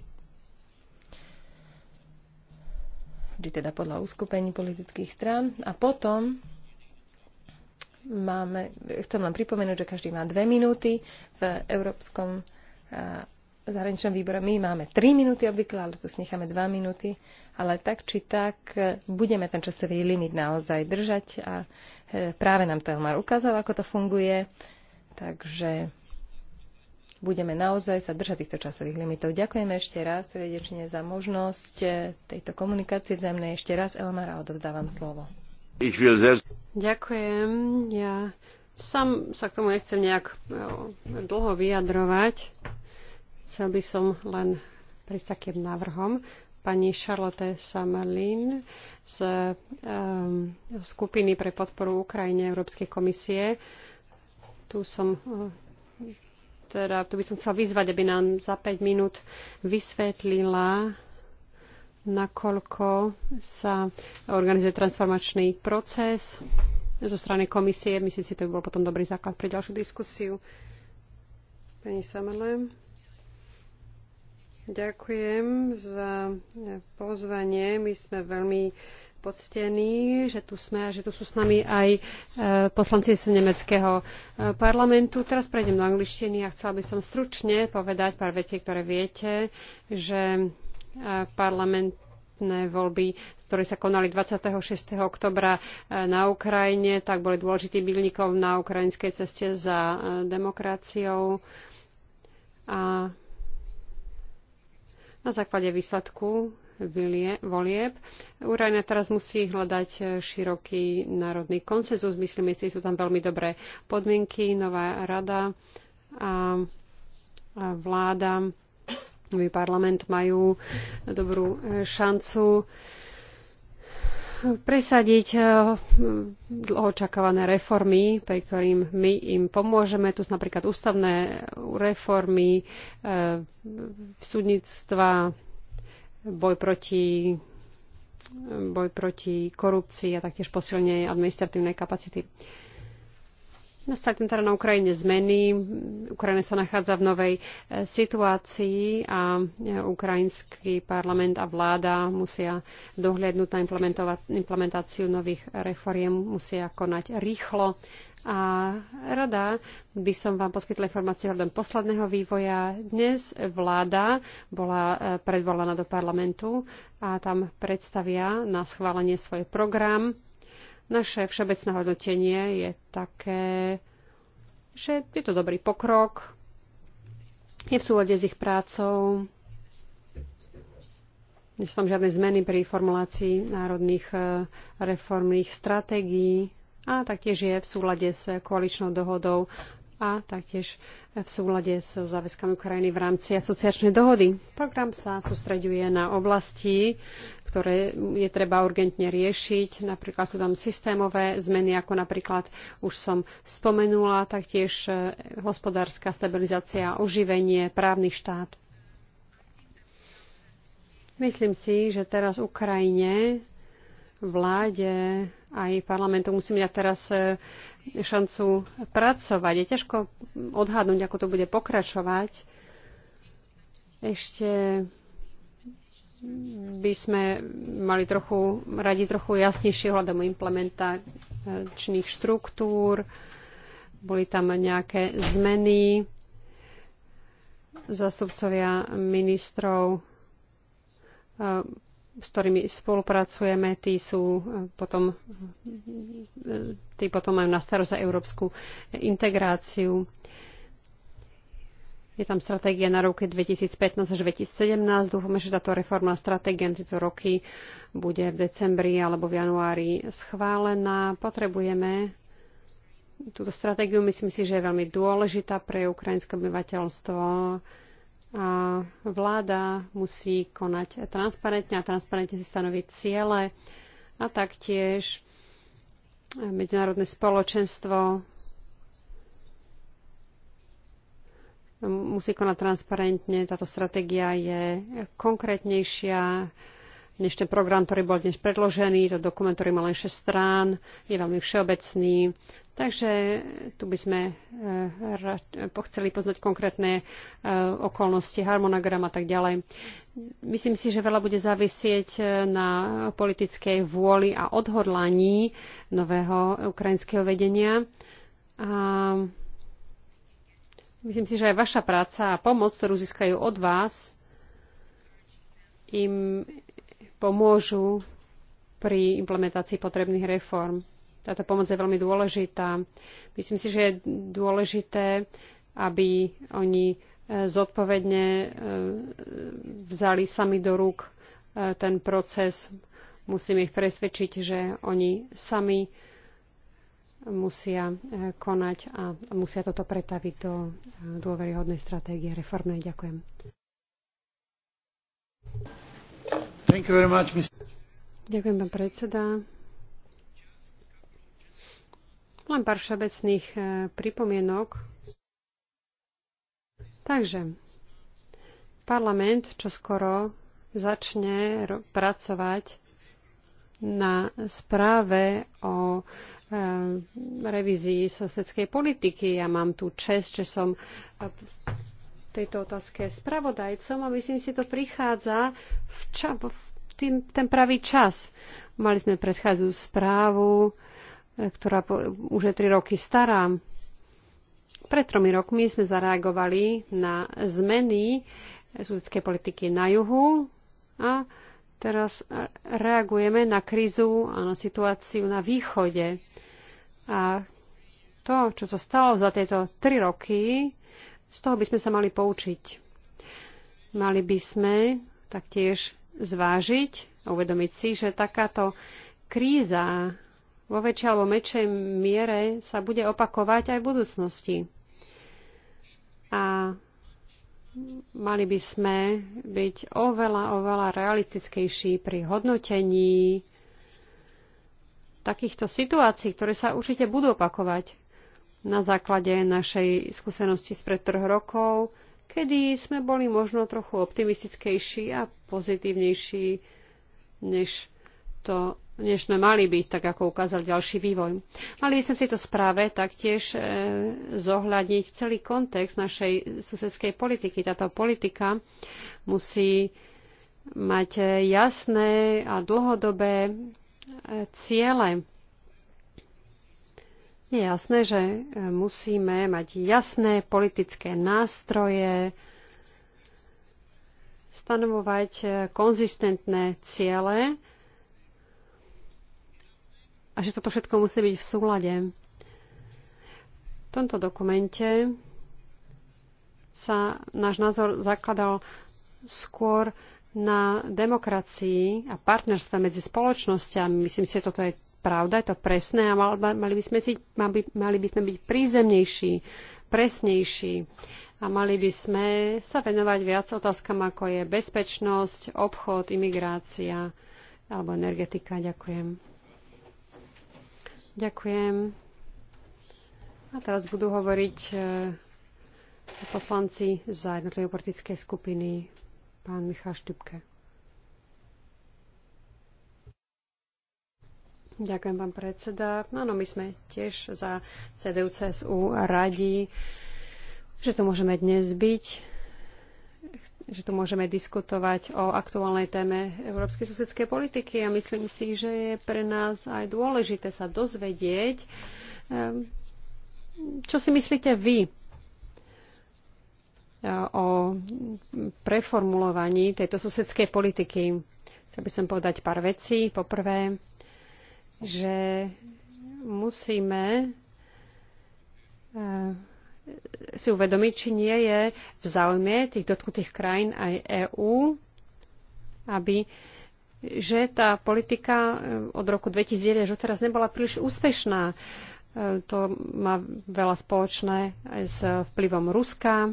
vždy teda podľa uskupení politických strán. A potom máme, chcem len pripomenúť, že každý má dve minúty v Európskom zahraničnom výbore. My máme tri minúty obvykle, ale tu si necháme 2 minúty. Ale tak či tak budeme ten časový limit naozaj držať a e, práve nám to Elmar ukázal, ako to funguje. Takže budeme naozaj sa držať týchto časových limitov. Ďakujeme ešte raz srdečne za možnosť eh, tejto komunikácie zemnej. Ešte raz a odovzdávam slovo. Ďakujem. Ja sám sa k tomu nechcem nejak eh, dlho vyjadrovať. Chcel by som len prísť takým návrhom. Pani Charlotte Samerlin z um, skupiny pre podporu Ukrajine Európskej komisie. Tu som uh, teda tu by som chcela vyzvať, aby nám za 5 minút vysvetlila, nakoľko sa organizuje transformačný proces zo strany komisie. Myslím si, to by bol potom dobrý základ pre ďalšiu diskusiu. Pani Samerle. Ďakujem za pozvanie. My sme veľmi poctení, že tu sme a že tu sú s nami aj e, poslanci z nemeckého e, parlamentu. Teraz prejdem do angličtiny a chcela by som stručne povedať pár vecí, ktoré viete, že parlament parlamentné voľby, ktoré sa konali 26. oktobra e, na Ukrajine, tak boli dôležitým bylníkov na ukrajinskej ceste za demokraciou. A na základe výsledku volieb. Ukrajina teraz musí hľadať e, široký národný konsenzus. Myslím si, sú tam veľmi dobré podmienky, nová rada a, a vláda, nový parlament majú dobrú e, šancu presadiť e, dlho očakávané reformy, pri ktorým my im pomôžeme. Tu sú napríklad ústavné reformy, súdnictva, boj proti, boj proti korupcii a taktiež posilnenie administratívnej kapacity. Nastali teda na Ukrajine zmeny. Ukrajina sa nachádza v novej eh, situácii a eh, ukrajinský parlament a vláda musia dohliadnúť na implementáciu nových reforiem, musia konať rýchlo a rada by som vám poskytla informácie hľadom posledného vývoja. Dnes vláda bola e, predvolaná do parlamentu a tam predstavia na schválenie svoj program. Naše všeobecné hodnotenie je také, že je to dobrý pokrok, je v súlade s ich prácou, nie sú tam žiadne zmeny pri formulácii národných e, reformných stratégií, a taktiež je v súlade s koaličnou dohodou a taktiež v súlade so záväzkami Ukrajiny v rámci asociačnej dohody. Program sa sústreďuje na oblasti, ktoré je treba urgentne riešiť. Napríklad sú tam systémové zmeny, ako napríklad už som spomenula, taktiež e, hospodárska stabilizácia, oživenie, právny štát. Myslím si, že teraz Ukrajine vláde aj parlamentu musí mať teraz e, šancu pracovať. Je ťažko odhadnúť, ako to bude pokračovať. Ešte by sme mali trochu, radi trochu jasnejšie hľadom implementačných štruktúr. Boli tam nejaké zmeny. Zastupcovia ministrov e, s ktorými spolupracujeme, tí sú e, potom, e, tí potom majú na starosť európsku e, integráciu. Je tam stratégia na roky 2015 až 2017. Dúfame, že táto reformná stratégia na tieto roky bude v decembri alebo v januári schválená. Potrebujeme túto stratégiu. Myslím si, že je veľmi dôležitá pre ukrajinské obyvateľstvo a vláda musí konať transparentne a transparentne si stanoviť ciele a taktiež medzinárodné spoločenstvo musí konať transparentne. Táto stratégia je konkrétnejšia, než ten program, ktorý bol dnes predložený. To dokument, ktorý má len 6 strán, je veľmi všeobecný. Takže tu by sme eh, chceli poznať konkrétne eh, okolnosti, harmonogram a tak ďalej. Myslím si, že veľa bude závisieť eh, na politickej vôli a odhodlaní nového ukrajinského vedenia. A myslím si, že aj vaša práca a pomoc, ktorú získajú od vás, im pomôžu pri implementácii potrebných reform. Táto pomoc je veľmi dôležitá. Myslím si, že je dôležité, aby oni e, zodpovedne e, vzali sami do rúk e, ten proces. Musím ich presvedčiť, že oni sami musia konať a musia toto pretaviť do dôveryhodnej stratégie reformnej. Ďakujem. Ďakujem, pán predseda. Len pár všeobecných e, pripomienok. Takže, parlament čoskoro začne pracovať na správe o e, revízii susedskej politiky. Ja mám tu čest, že som tejto otázke spravodajcom a myslím si, to prichádza v, ča- v tým, ten pravý čas. Mali sme predchádzajúcu správu, e, ktorá po, už je tri roky stará. Pred tromi rokmi sme zareagovali na zmeny súdecké politiky na juhu a teraz reagujeme na krízu a na situáciu na východe. A to, čo sa stalo za tieto tri roky, z toho by sme sa mali poučiť. Mali by sme taktiež zvážiť, uvedomiť si, že takáto kríza vo väčšej alebo menšej miere sa bude opakovať aj v budúcnosti. A mali by sme byť oveľa, oveľa realistickejší pri hodnotení takýchto situácií, ktoré sa určite budú opakovať na základe našej skúsenosti spred troch rokov, kedy sme boli možno trochu optimistickejší a pozitívnejší, než, to, než sme mali byť, tak ako ukázal ďalší vývoj. Mali by sme v tejto správe taktiež e, zohľadniť celý kontext našej susedskej politiky. Táto politika musí mať jasné a dlhodobé e, ciele je jasné, že e, musíme mať jasné politické nástroje, stanovovať e, konzistentné ciele a že toto všetko musí byť v súlade. V tomto dokumente sa náš názor zakladal skôr na demokracii a partnerstva medzi spoločnosťami. Myslím si, že toto je pravda, je to presné a mali by sme, si, mali by sme byť prízemnejší, presnejší a mali by sme sa venovať viac otázkam, ako je bezpečnosť, obchod, imigrácia alebo energetika. Ďakujem. Ďakujem. A teraz budú hovoriť eh, poslanci za jednotlivé politické skupiny pán Michal Štipke. Ďakujem, pán predseda. Áno, my sme tiež za CDU-CSU radi, že to môžeme dnes byť, že tu môžeme diskutovať o aktuálnej téme európskej susedskej politiky a myslím si, že je pre nás aj dôležité sa dozvedieť, ehm, čo si myslíte vy o preformulovaní tejto susedskej politiky. Chcel by som povedať pár vecí. Poprvé, že musíme eh, si uvedomiť, či nie je v záujme tých dotknutých krajín aj EÚ, aby že tá politika eh, od roku 2009 až doteraz nebola príliš úspešná. Eh, to má veľa spoločné aj s vplyvom Ruska,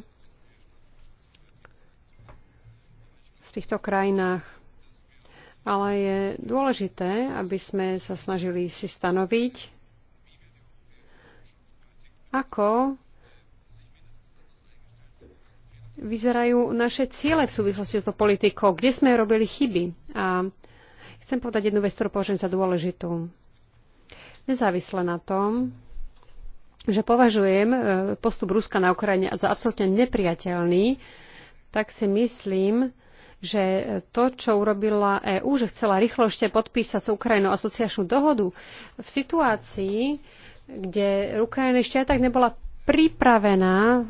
v týchto krajinách. Ale je dôležité, aby sme sa snažili si stanoviť, ako vyzerajú naše ciele v súvislosti s touto politikou, kde sme robili chyby. A chcem povedať jednu vec, ktorú považujem za dôležitú. Nezávisle na tom, že považujem e, postup Ruska na Ukrajine za absolútne nepriateľný, tak si myslím, že to, čo urobila EÚ, že chcela rýchlo ešte podpísať s Ukrajinou asociačnú dohodu v situácii, kde Ukrajina ešte aj tak nebola pripravená eh,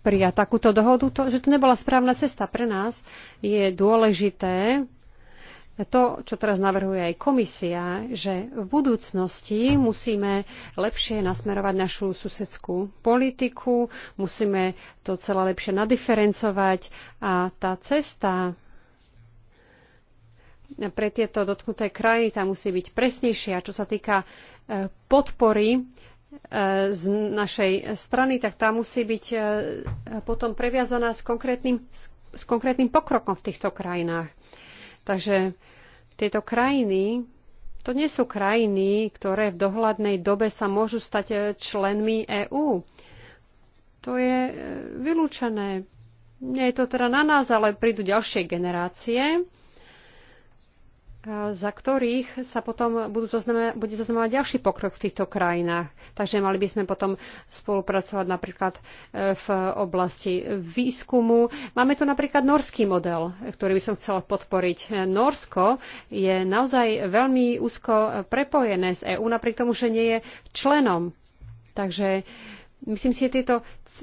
prijať takúto dohodu, to, že to nebola správna cesta pre nás, je dôležité to, čo teraz navrhuje aj komisia, že v budúcnosti musíme lepšie nasmerovať našu susedskú politiku, musíme to celé lepšie nadiferencovať a tá cesta pre tieto dotknuté krajiny tá musí byť presnejšia. Čo sa týka e, podpory e, z našej strany, tak tá musí byť e, potom previazaná s konkrétnym, s konkrétnym pokrokom v týchto krajinách Takže tieto krajiny, to nie sú krajiny, ktoré v dohľadnej dobe sa môžu stať e, členmi EÚ. To je e, vylúčené. Nie je to teda na nás, ale prídu ďalšie generácie za ktorých sa potom budú zaznamená, bude zaznamovať ďalší pokrok v týchto krajinách. Takže mali by sme potom spolupracovať napríklad e, v oblasti výskumu. Máme tu napríklad norský model, ktorý by som chcela podporiť. Norsko je naozaj veľmi úzko prepojené s EÚ, napriek tomu, že nie je členom. Takže myslím si, že tieto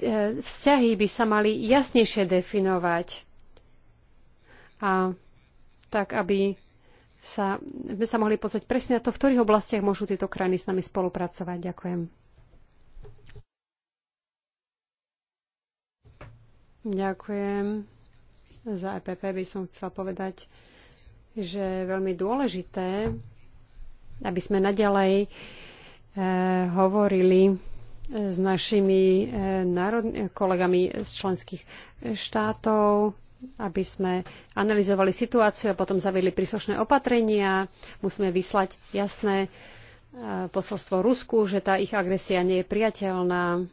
e, vzťahy by sa mali jasnejšie definovať. A tak, aby sa, sme sa mohli pozrieť presne na to, v ktorých oblastiach môžu tieto krajiny s nami spolupracovať. Ďakujem. Ďakujem. Za EPP by som chcela povedať, že je veľmi dôležité, aby sme naďalej e, hovorili s našimi e, národ- kolegami z členských štátov, aby sme analyzovali situáciu a potom zaviedli príslušné opatrenia. Musíme vyslať jasné e, posolstvo Rusku, že tá ich agresia nie je priateľná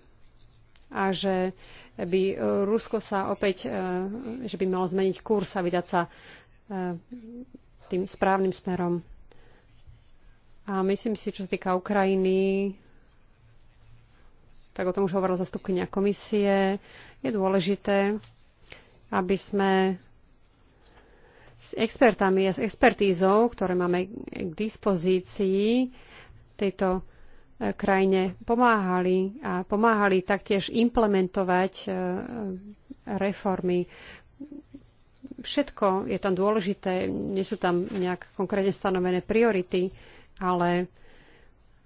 a že by Rusko sa opäť, e, že by malo zmeniť kurz a vydať sa e, tým správnym smerom. A myslím si, čo sa týka Ukrajiny, tak o tom už hovorila zastupkynia komisie, je dôležité, aby sme s expertami a s expertízou, ktoré máme k dispozícii tejto e, krajine pomáhali a pomáhali taktiež implementovať e, reformy. Všetko je tam dôležité, nie sú tam nejak konkrétne stanovené priority, ale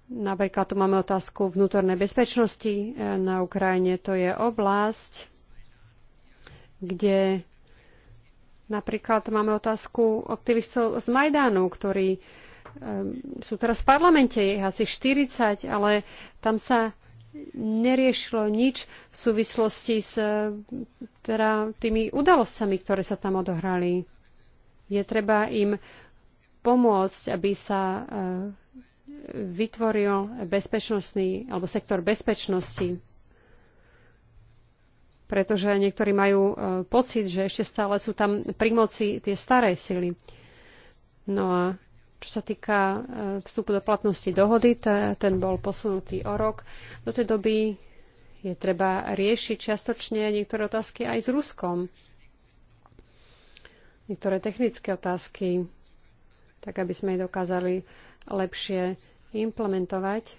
napríklad tu máme otázku vnútornej bezpečnosti e, na Ukrajine. To je oblasť, kde napríklad máme otázku aktivistov z Majdánu, ktorí um, sú teraz v parlamente, je asi 40, ale tam sa neriešilo nič v súvislosti s e, teda, tými udalosťami, ktoré sa tam odohrali. Je treba im pomôcť, aby sa e, vytvoril bezpečnostný alebo sektor bezpečnosti pretože niektorí majú e, pocit, že ešte stále sú tam pri moci tie staré sily. No a čo sa týka e, vstupu do platnosti dohody, ten bol posunutý o rok. Do tej doby je treba riešiť čiastočne niektoré otázky aj s Ruskom. Niektoré technické otázky, tak aby sme ich dokázali lepšie implementovať,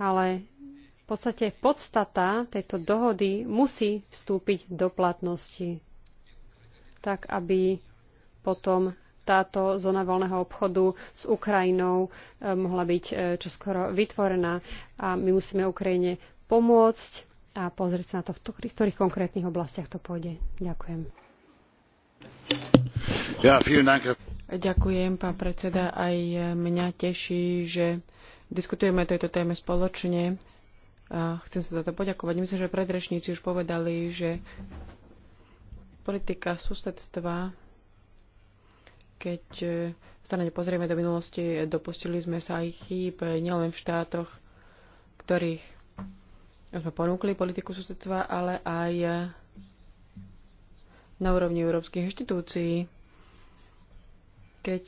ale v podstate podstata tejto dohody musí vstúpiť do platnosti, tak aby potom táto zóna voľného obchodu s Ukrajinou eh, mohla byť eh, čoskoro vytvorená a my musíme Ukrajine pomôcť a pozrieť sa na to, v ktorých konkrétnych oblastiach to pôjde. Ďakujem. Ja, Ďakujem, pán predseda. Aj mňa teší, že diskutujeme o tejto téme spoločne a chcem sa za to poďakovať. Myslím, že predrečníci už povedali, že politika susedstva, keď e, sa na ne pozrieme do minulosti, dopustili sme sa aj chýb nielen v štátoch, ktorých sme ponúkli politiku susedstva, ale aj na úrovni európskych inštitúcií, keď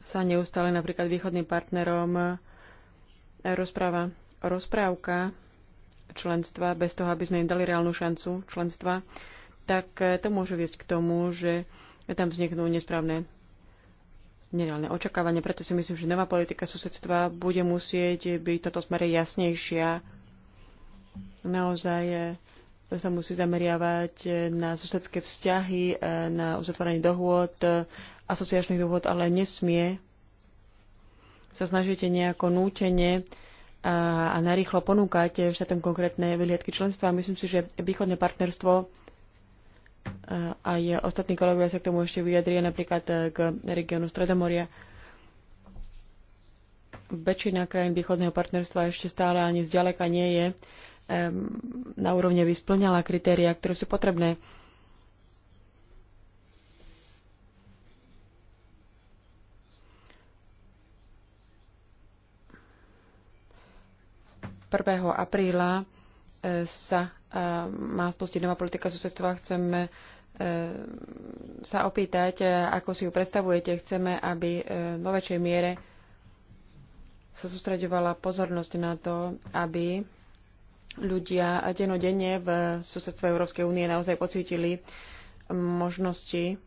sa neustále napríklad východným partnerom rozpráva rozprávka členstva, bez toho, aby sme im dali reálnu šancu členstva, tak eh, to môže viesť k tomu, že tam vzniknú nesprávne nereálne očakávania. Preto si myslím, že nová politika susedstva bude musieť byť toto smere jasnejšia. Naozaj eh, sa musí zameriavať eh, na susedské vzťahy, na uzatváranie dohôd, asociačných dohôd, ale nesmie sa snažíte nejako nútene a, a narýchlo ponúkať e, štátom konkrétne vyhliadky členstva. Myslím si, že východné partnerstvo a e, aj ostatní kolegovia sa k tomu ešte vyjadria, napríklad e, k regiónu Stredomoria. Väčšina krajín východného partnerstva ešte stále ani zďaleka nie je na úrovne vysplňala kritéria, ktoré sú potrebné 1. apríla e, sa e, má spustiť nová politika susedstva. Chceme e, sa opýtať, ako si ju predstavujete. Chceme, aby vo väčšej miere sa sústreďovala pozornosť na to, aby ľudia denodenne v susedstve Európskej únie naozaj pocítili možnosti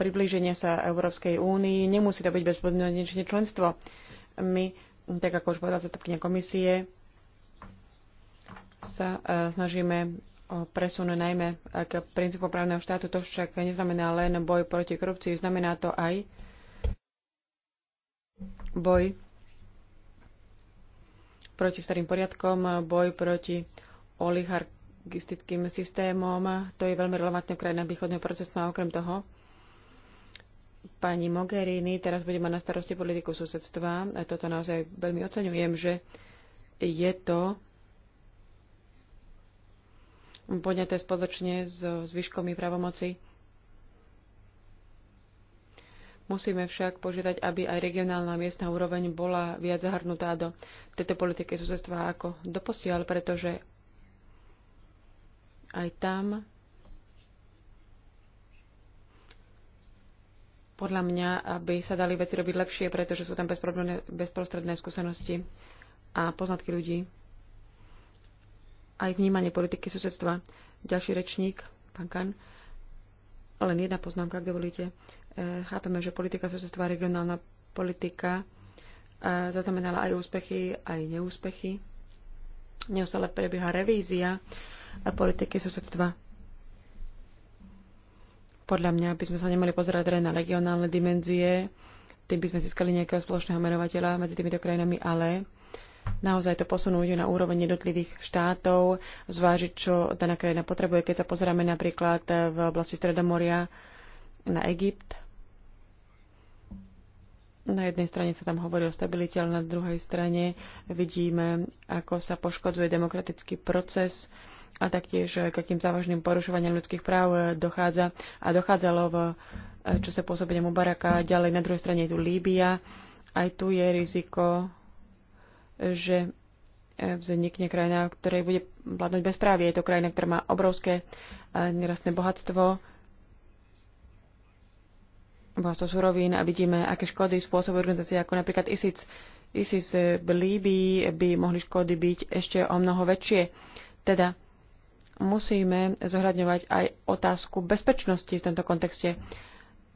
priblíženia sa Európskej únii. Nemusí to byť bezpodmienečné členstvo. My tak ako už povedala zastupkynia komisie, sa e, snažíme o presun najmä e, k princípu právneho štátu. To však neznamená len boj proti korupcii, znamená to aj boj proti starým poriadkom, boj proti oligarchistickým systémom. To je veľmi relevantné v krajinách východného procesu a okrem toho pani Mogherini teraz bude mať na starosti politiku susedstva. Toto naozaj veľmi oceňujem, že je to poňaté spoločne so zvyškomi pravomoci. Musíme však požiadať, aby aj regionálna miestna úroveň bola viac zahrnutá do tejto politiky susedstva ako doposiaľ, pretože aj tam podľa mňa, aby sa dali veci robiť lepšie, pretože sú tam bezprostredné skúsenosti a poznatky ľudí. Aj vnímanie politiky susedstva. Ďalší rečník, pán Kan. Len jedna poznámka, ak dovolíte. E, chápeme, že politika susedstva, regionálna politika e, zaznamenala aj úspechy, aj neúspechy. Neustále prebieha revízia politiky susedstva. Podľa mňa by sme sa nemali pozerať aj na regionálne dimenzie, tým by sme získali nejakého spoločného menovateľa medzi týmito krajinami, ale naozaj to posunúť na úroveň jednotlivých štátov, zvážiť, čo daná krajina potrebuje. Keď sa pozeráme napríklad v oblasti Stredomoria na Egypt, na jednej strane sa tam hovorí o stabilite, ale na druhej strane vidíme, ako sa poškodzuje demokratický proces a taktiež eh, k akým závažným porušovaniam ľudských práv eh, dochádza a dochádzalo v eh, čo sa pôsobenia Mubaraka. Ďalej na druhej strane je tu Líbia. Aj tu je riziko, že vznikne krajina, v ktorej bude vládnuť bezprávie. Je to krajina, ktorá má obrovské nerastné bohatstvo, bohatstvo surovín a vidíme, aké škody spôsobujú organizácie ako napríklad ISIS. ISIS v Líbii by mohli škody byť ešte o mnoho väčšie. Teda musíme zohľadňovať aj otázku bezpečnosti v tomto kontexte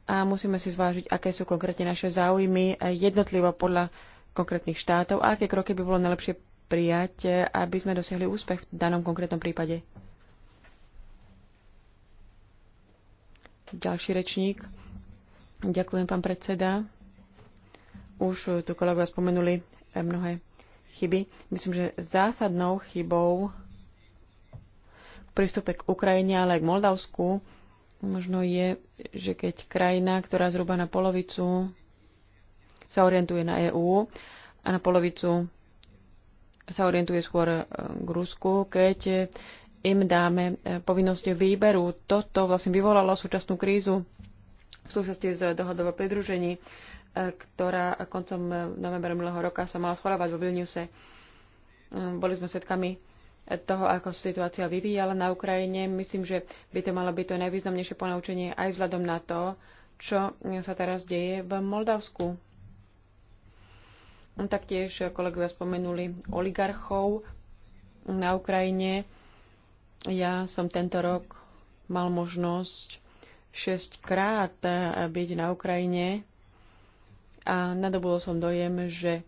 a musíme si zvážiť, aké sú konkrétne naše záujmy jednotlivo podľa konkrétnych štátov a aké kroky by bolo najlepšie prijať, aby sme dosiahli úspech v danom konkrétnom prípade. Ďalší rečník. Ďakujem, pán predseda. Už tu kolegovia spomenuli mnohé chyby. Myslím, že zásadnou chybou prístupe k Ukrajine, ale aj k Moldavsku, možno je, že keď krajina, ktorá zhruba na polovicu sa orientuje na EÚ a na polovicu sa orientuje skôr e, k Rusku, keď im dáme e, povinnosť výberu. Toto vlastne vyvolalo súčasnú krízu v súvislosti s dohodou o pridružení, e, ktorá koncom novembra minulého roka sa mala schorovať vo Vilniuse. Boli sme svedkami toho, ako sa situácia vyvíjala na Ukrajine. Myslím, že by to malo byť to najvýznamnejšie ponaučenie aj vzhľadom na to, čo sa teraz deje v Moldavsku. Taktiež kolegovia spomenuli oligarchov na Ukrajine. Ja som tento rok mal možnosť šestkrát byť na Ukrajine a nadobudol som dojem, že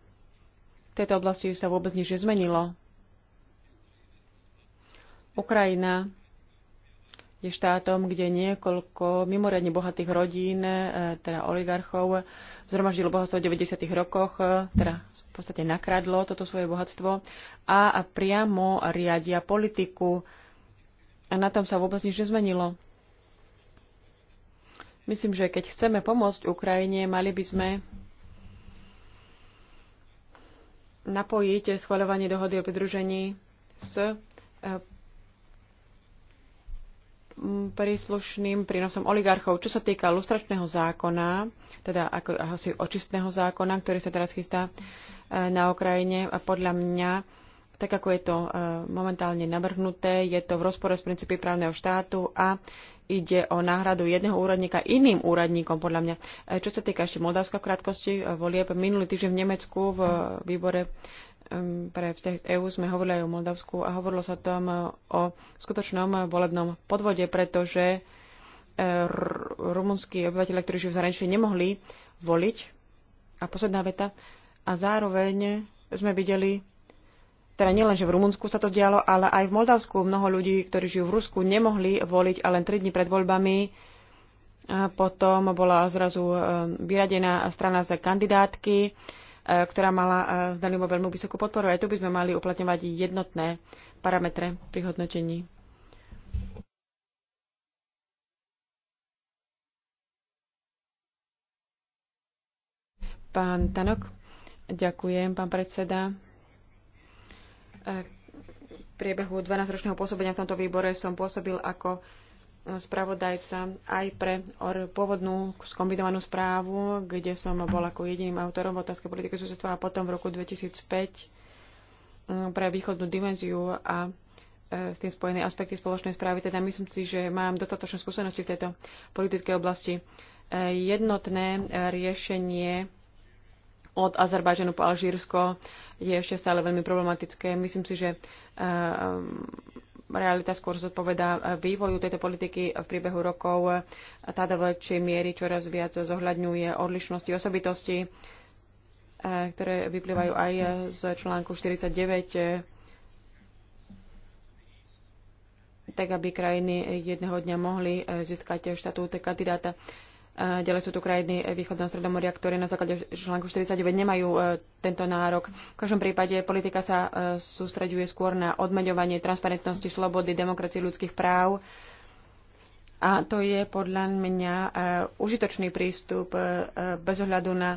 v tejto oblasti sa vôbec nič nezmenilo Ukrajina je štátom, kde niekoľko mimoriadne bohatých rodín, e, teda oligarchov, zhromaždilo bohatstvo v 90. rokoch, e, teda v podstate nakradlo toto svoje bohatstvo a priamo riadia politiku. A na tom sa vôbec nič nezmenilo. Myslím, že keď chceme pomôcť Ukrajine, mali by sme napojiť schváľovanie dohody o pridružení s e, príslušným prínosom oligarchov. Čo sa týka lustračného zákona, teda ako, asi očistného zákona, ktorý sa teraz chystá e, na Ukrajine, a podľa mňa, tak ako je to e, momentálne navrhnuté, je to v rozpore s princípy právneho štátu a ide o náhradu jedného úradníka iným úradníkom, podľa mňa. E, čo sa týka ešte Moldavska v krátkosti volieb, minulý týždeň v Nemecku v výbore pre vzťah EÚ sme hovorili aj o Moldavsku a hovorilo sa tam e, o skutočnom e, volebnom podvode, pretože e, rumunskí obyvateľe, ktorí žijú v zahraničí, nemohli voliť. A posledná veta. A zároveň sme videli, teda nielen, že v Rumunsku sa to dialo, ale aj v Moldavsku mnoho ľudí, ktorí žijú v Rusku, nemohli voliť a len 3 dní pred voľbami potom bola zrazu vyradená strana za kandidátky E, ktorá mala zdanlivo e, veľmi vysokú podporu. Aj tu by sme mali uplatňovať jednotné parametre pri hodnotení. Pán Tanok, ďakujem, pán predseda. E, v priebehu 12-ročného pôsobenia v tomto výbore som pôsobil ako spravodajca aj pre pôvodnú skombinovanú správu, kde som bol ako jediným autorom otázka politiky susedstva a potom v roku 2005 mm, pre východnú dimenziu a e, s tým spojené aspekty spoločnej správy. Teda myslím si, že mám dostatočné skúsenosti v tejto politickej oblasti. E, jednotné e, riešenie od Azerbajdžanu po Alžírsko je ešte stále veľmi problematické. Myslím si, že realita skôr zodpovedá eh, vývoju tejto politiky v priebehu rokov. Tá do väčšej miery čoraz viac zohľadňuje odlišnosti, osobitosti, eh, ktoré vyplývajú aj z článku 49 eh, tak aby krajiny jedného dňa mohli získať štatút kandidáta Ďalej sú tu krajiny východného stredomoria, ktoré na základe článku 49 nemajú e, tento nárok. V každom prípade politika sa e, sústreďuje skôr na odmeňovanie transparentnosti, slobody, demokracie, ľudských práv. A to je podľa mňa e, užitočný prístup bez ohľadu na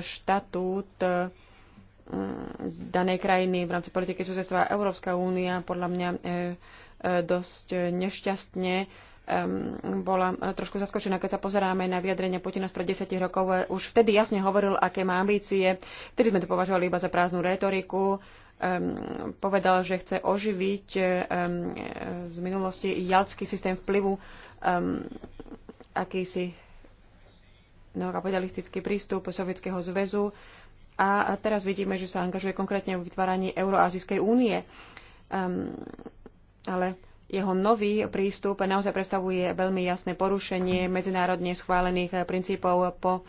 štatút danej krajiny v rámci politiky susedstva Európska únia podľa mňa dosť nešťastne bola eh, trošku zaskočená, keď sa pozeráme na vyjadrenie Putina spred desiatich rokov. Eh, už vtedy jasne hovoril, aké má ambície. Vtedy sme to považovali iba za prázdnu retoriku. Povedal, že chce oživiť eh, z minulosti jalský systém vplyvu, akýsi neokapitalistický prístup Sovietskeho zväzu. A teraz vidíme, že sa angažuje konkrétne v vytváraní Euroazijskej únie. Ale jeho nový prístup naozaj predstavuje veľmi jasné porušenie medzinárodne schválených princípov po e,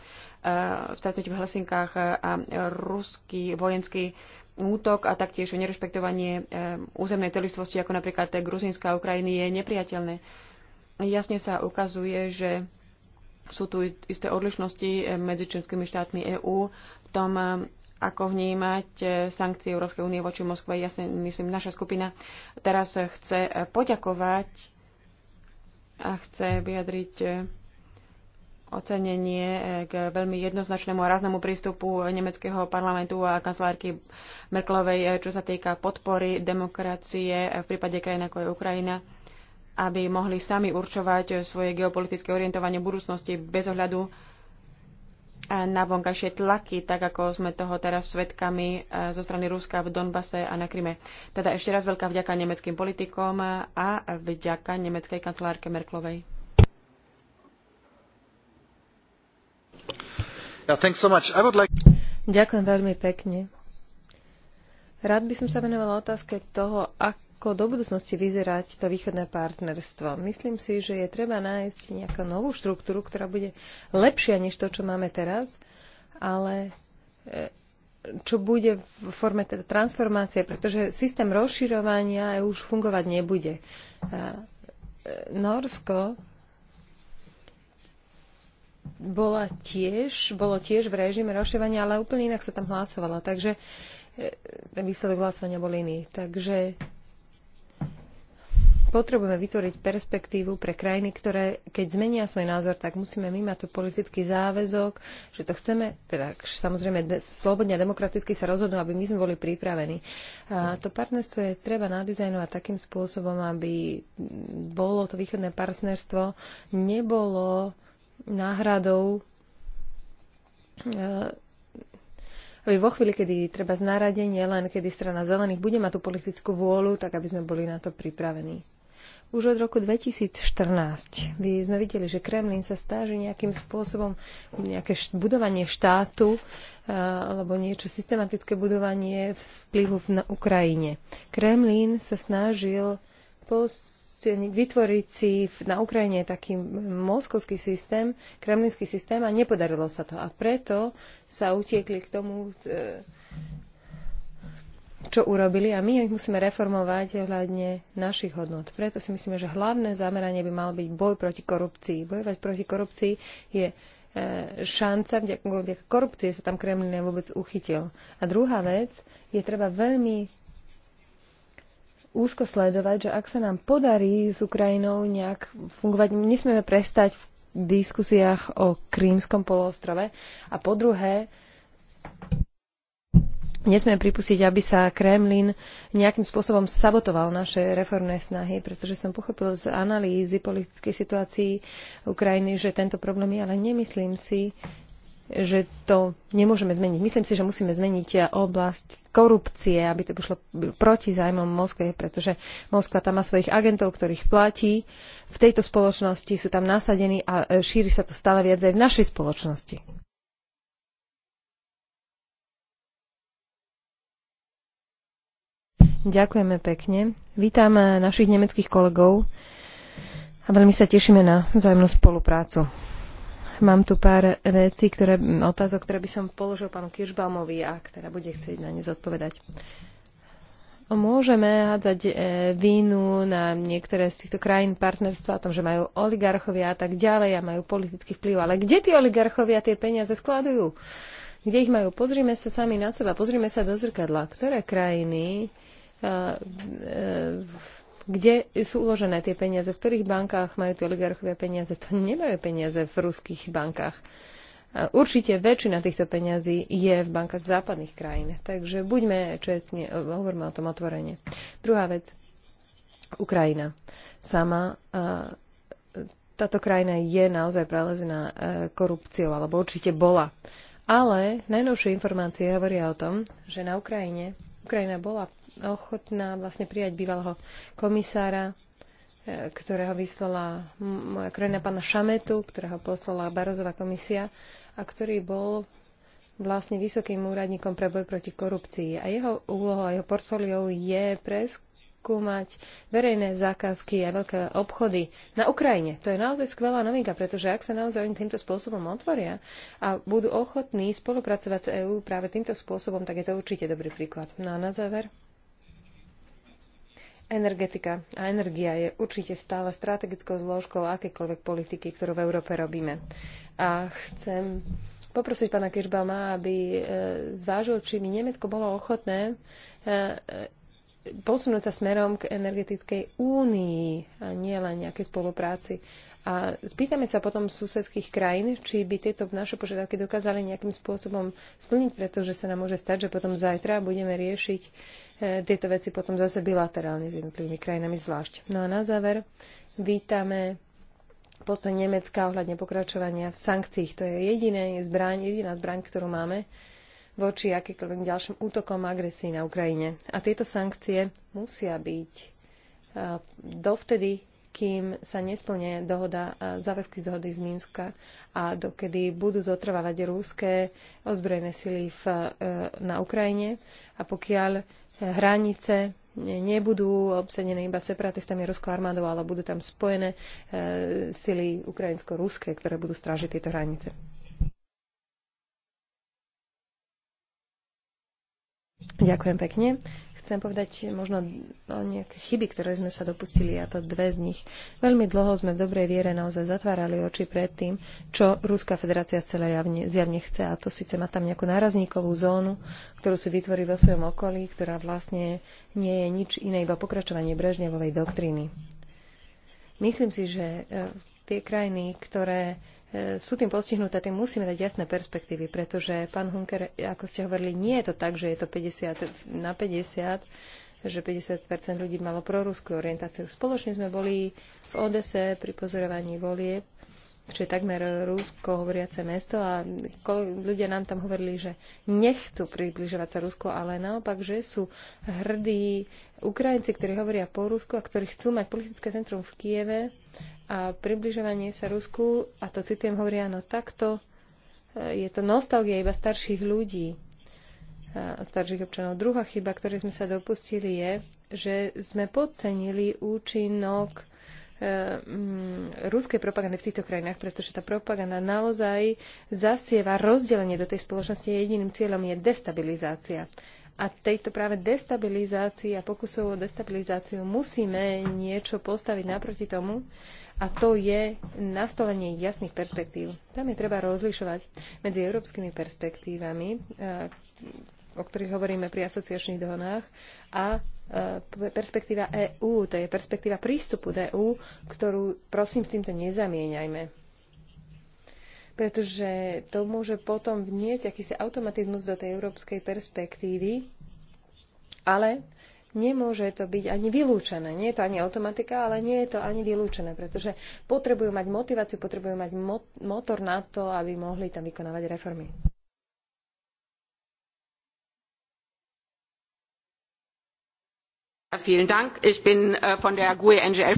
stretnutí v Helsinkách a ruský vojenský útok a taktiež nerešpektovanie e, územnej celistvosti, ako napríklad Gruzínska Ukrajiny, je nepriateľné. Jasne sa ukazuje, že sú tu isté odlišnosti e, medzi členskými štátmi EÚ v tom, ako vnímať eh, sankcie Európskej únie voči Moskve. Ja si myslím, naša skupina teraz chce poďakovať a chce vyjadriť eh, ocenenie eh, k veľmi jednoznačnému a ráznemu prístupu nemeckého parlamentu a kancelárky Merklovej, čo sa týka podpory demokracie v prípade krajín ako je Ukrajina aby mohli sami určovať svoje geopolitické orientovanie budúcnosti bez ohľadu na vonkajšie tlaky, tak ako sme toho teraz svedkami e, zo strany Ruska v Donbase a na Kryme. Teda ešte raz veľká vďaka nemeckým politikom a vďaka nemeckej kancelárke Merklovej. Ďakujem veľmi pekne. Rád by som sa venovala otázke toho, ak ako do budúcnosti vyzerať to východné partnerstvo. Myslím si, že je treba nájsť nejakú novú štruktúru, ktorá bude lepšia než to, čo máme teraz, ale e, čo bude v forme teda transformácie, pretože systém rozširovania e, už fungovať nebude. E, Norsko bola tiež, bolo tiež v režime rozširovania, ale úplne inak sa tam hlasovalo. Takže ten výsledok hlasovania bol iný. Takže potrebujeme vytvoriť perspektívu pre krajiny, ktoré keď zmenia svoj názor, tak musíme my mať tu politický záväzok, že to chceme, teda samozrejme slobodne a demokraticky sa rozhodnú, aby my sme boli pripravení. A to partnerstvo je treba nadizajnovať takým spôsobom, aby bolo to východné partnerstvo nebolo náhradou e, aby vo chvíli, kedy treba znaradenie, len kedy strana zelených bude mať tú politickú vôľu, tak aby sme boli na to pripravení. Už od roku 2014 My sme videli, že Kremlin sa stáže nejakým spôsobom nejaké budovanie štátu eh, alebo niečo systematické budovanie vplyvu na Ukrajine. Kremlin sa snažil pos- vytvoriť si na Ukrajine taký moskovský systém, kremlinský systém a nepodarilo sa to. A preto sa utiekli k tomu eh, čo urobili a my ich musíme reformovať hľadne našich hodnot. Preto si myslíme, že hlavné zameranie by mal byť boj proti korupcii. Bojovať proti korupcii je e, šanca, vďaka korupcie sa tam Kremlin vôbec uchytil. A druhá vec je treba veľmi úzko sledovať, že ak sa nám podarí s Ukrajinou nejak fungovať, nesmieme prestať v diskusiách o Krímskom poloostrove. A po druhé, Nesmieme pripustiť, aby sa Kremlin nejakým spôsobom sabotoval naše reformné snahy, pretože som pochopil z analýzy politickej situácii Ukrajiny, že tento problém je, ale nemyslím si, že to nemôžeme zmeniť. Myslím si, že musíme zmeniť oblasť korupcie, aby to pošlo proti zájmom Moskve, pretože Moskva tam má svojich agentov, ktorých platí. V tejto spoločnosti sú tam nasadení a šíri sa to stále viac aj v našej spoločnosti. Ďakujeme pekne. Vítam eh, našich nemeckých kolegov a veľmi sa tešíme na vzájomnú spoluprácu. Mám tu pár vecí, ktoré, otázok, ktoré by som položil pánu Kiršbalmovi a ktorá bude chcieť na ne zodpovedať. Môžeme hádzať eh, vínu na niektoré z týchto krajín partnerstva o tom, že majú oligarchovia a tak ďalej a majú politický vplyv. Ale kde tí oligarchovia tie peniaze skladujú? Kde ich majú? Pozrime sa sami na seba, pozrime sa do zrkadla. Ktoré krajiny E, e, e, kde sú uložené tie peniaze, v ktorých bankách majú tie oligarchovia peniaze. To nemajú peniaze v ruských bankách. Určite väčšina týchto peňazí je v bankách západných krajín. Takže buďme čestní, hovoríme o tom otvorene. Druhá vec. Ukrajina. Sama táto krajina je naozaj prelezená korupciou, alebo určite bola. Ale najnovšie informácie hovoria o tom, že na Ukrajine Ukrajina bola ochotná vlastne prijať bývalého komisára, e, ktorého vyslala moja krajina pána Šametu, ktorého poslala Barozová komisia a ktorý bol vlastne vysokým úradníkom pre boj proti korupcii. A jeho úlohou a jeho portfóliou je preskúmať verejné zákazky a veľké obchody na Ukrajine. To je naozaj skvelá novinka, pretože ak sa naozaj oni týmto spôsobom otvoria a budú ochotní spolupracovať s EÚ práve týmto spôsobom, tak je to určite dobrý príklad. No a na záver. Energetika a energia je určite stále strategickou zložkou akékoľvek politiky, ktorú v Európe robíme. A chcem poprosiť pána Kirchbauma, aby e, zvážil, či by Nemecko bolo ochotné e, posunúť sa smerom k energetickej únii a nie len nejakej spolupráci. A spýtame sa potom susedských krajín, či by tieto naše požiadavky dokázali nejakým spôsobom splniť, pretože sa nám môže stať, že potom zajtra budeme riešiť e, tieto veci potom zase bilaterálne s jednotlivými krajinami zvlášť. No a na záver vítame postoj Nemecka ohľadne pokračovania v sankciích. To je jediné zbraň, jediná zbraň, ktorú máme voči akýmkoľvek ďalším útokom a agresii na Ukrajine. A tieto sankcie musia byť e, dovtedy, kým sa nesplne dohoda, e, záväzky z dohody z Minska a dokedy budú zotrvávať rúské ozbrojené sily v, e, na Ukrajine a pokiaľ hranice nebudú obsadené iba separatistami ruskou armádou, ale budú tam spojené e, sily ukrajinsko-ruské, ktoré budú strážiť tieto hranice. Ďakujem pekne. Chcem povedať možno o no, nejaké chyby, ktoré sme sa dopustili, a to dve z nich. Veľmi dlho sme v dobrej viere naozaj zatvárali oči pred tým, čo Ruská federácia celé javne, zjavne chce, a to síce má tam nejakú nárazníkovú zónu, ktorú si vytvorí vo svojom okolí, ktorá vlastne nie je nič iné, iba pokračovanie Brežnevovej doktríny. Myslím si, že e, tie krajiny, ktoré E, sú tým postihnuté, tým musíme dať jasné perspektívy, pretože pán Hunker, ako ste hovorili, nie je to tak, že je to 50 na 50, že 50 ľudí malo proruskú orientáciu. Spoločne sme boli v Odese pri pozorovaní volieb čiže takmer rúsko hovoriace mesto a ľudia nám tam hovorili, že nechcú približovať sa Rusko, ale naopak, že sú hrdí Ukrajinci, ktorí hovoria po Rusku a ktorí chcú mať politické centrum v Kieve a približovanie sa Rusku, a to citujem, hovoria, no takto eh, je to nostalgia iba starších ľudí eh, starších občanov. Druhá chyba, ktorej sme sa dopustili, je, že sme podcenili účinok Eh, mm, ruskej propagandy v týchto krajinách, pretože tá propaganda naozaj zasieva rozdelenie do tej spoločnosti. a Jediným cieľom je destabilizácia. A tejto práve destabilizácii a pokusov o destabilizáciu musíme niečo postaviť naproti tomu a to je nastolenie jasných perspektív. Tam je treba rozlišovať medzi európskymi perspektívami, eh, o ktorých hovoríme pri asociačných dohodách a E, perspektíva EÚ, to je perspektíva prístupu do EÚ, ktorú prosím s týmto nezamieňajme. Pretože to môže potom vnieť akýsi automatizmus do tej európskej perspektívy, ale nemôže to byť ani vylúčené. Nie je to ani automatika, ale nie je to ani vylúčené, pretože potrebujú mať motiváciu, potrebujú mať motor na to, aby mohli tam vykonávať reformy. Äh, e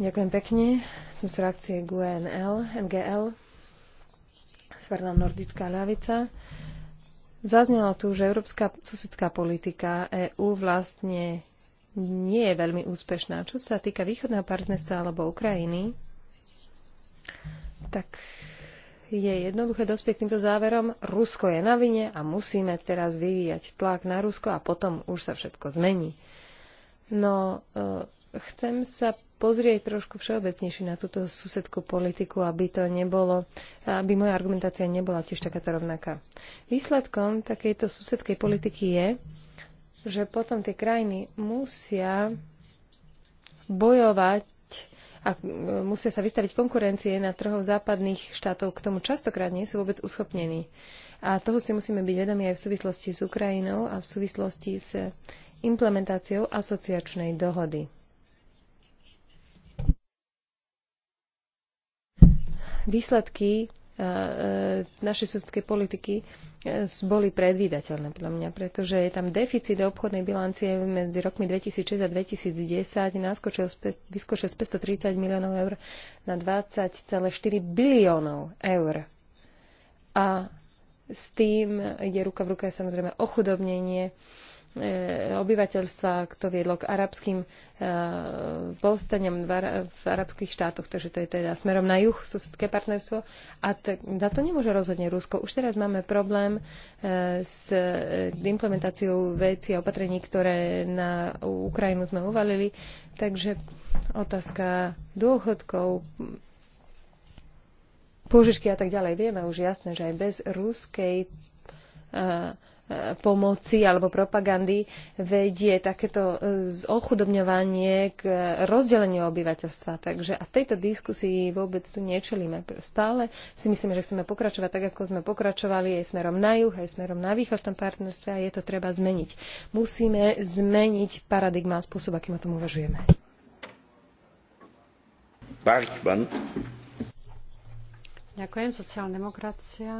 Ďakujem pekne. Som z frakcie GUE NGL, Severná nordická ľavica. Zaznelo tu, že európska susedská politika EÚ vlastne nie je veľmi úspešná. Čo sa týka východného partnerstva alebo Ukrajiny, tak je jednoduché dospieť týmto záverom. Rusko je na vine a musíme teraz vyvíjať tlak na Rusko a potom už sa všetko zmení. No, e, chcem sa pozrieť trošku všeobecnejšie na túto susedskú politiku, aby to nebolo, aby moja argumentácia nebola tiež takáto rovnaká. Výsledkom takejto susedskej politiky je, že potom tie krajiny musia bojovať a e, musia sa vystaviť konkurencie na trhoch západných štátov, k tomu častokrát nie sú vôbec uschopnení. A toho si musíme byť vedomi aj v súvislosti s Ukrajinou a v súvislosti s implementáciou asociačnej dohody. Výsledky e, e, našej sudskej politiky e, boli predvídateľné podľa mňa, pretože je tam deficit obchodnej bilancie medzi rokmi 2006 a 2010 naskočil vyskočil z 530 miliónov eur na 20,4 biliónov eur. A s tým ide ruka v ruke samozrejme ochudobnenie Eh, obyvateľstva, kto viedlo k arabským eh, povstaniam v arabských štátoch, takže to je teda smerom na juh susedské partnerstvo. A na to nemôže rozhodne Rusko. Už teraz máme problém eh, s implementáciou vecí a opatrení, ktoré na Ukrajinu sme uvalili. Takže otázka dôchodkov, pôžičky a tak ďalej. Vieme už jasné, že aj bez ruskej pomoci alebo propagandy vedie takéto e, ochudobňovanie k rozdeleniu obyvateľstva. Takže a tejto diskusii vôbec tu nečelíme. Stále si myslíme, že chceme pokračovať tak, ako sme pokračovali aj smerom na juh, aj smerom na východ v tom partnerstve a je to treba zmeniť. Musíme zmeniť paradigma a spôsob, akým o tom uvažujeme. Ďakujem, sociálna demokracia.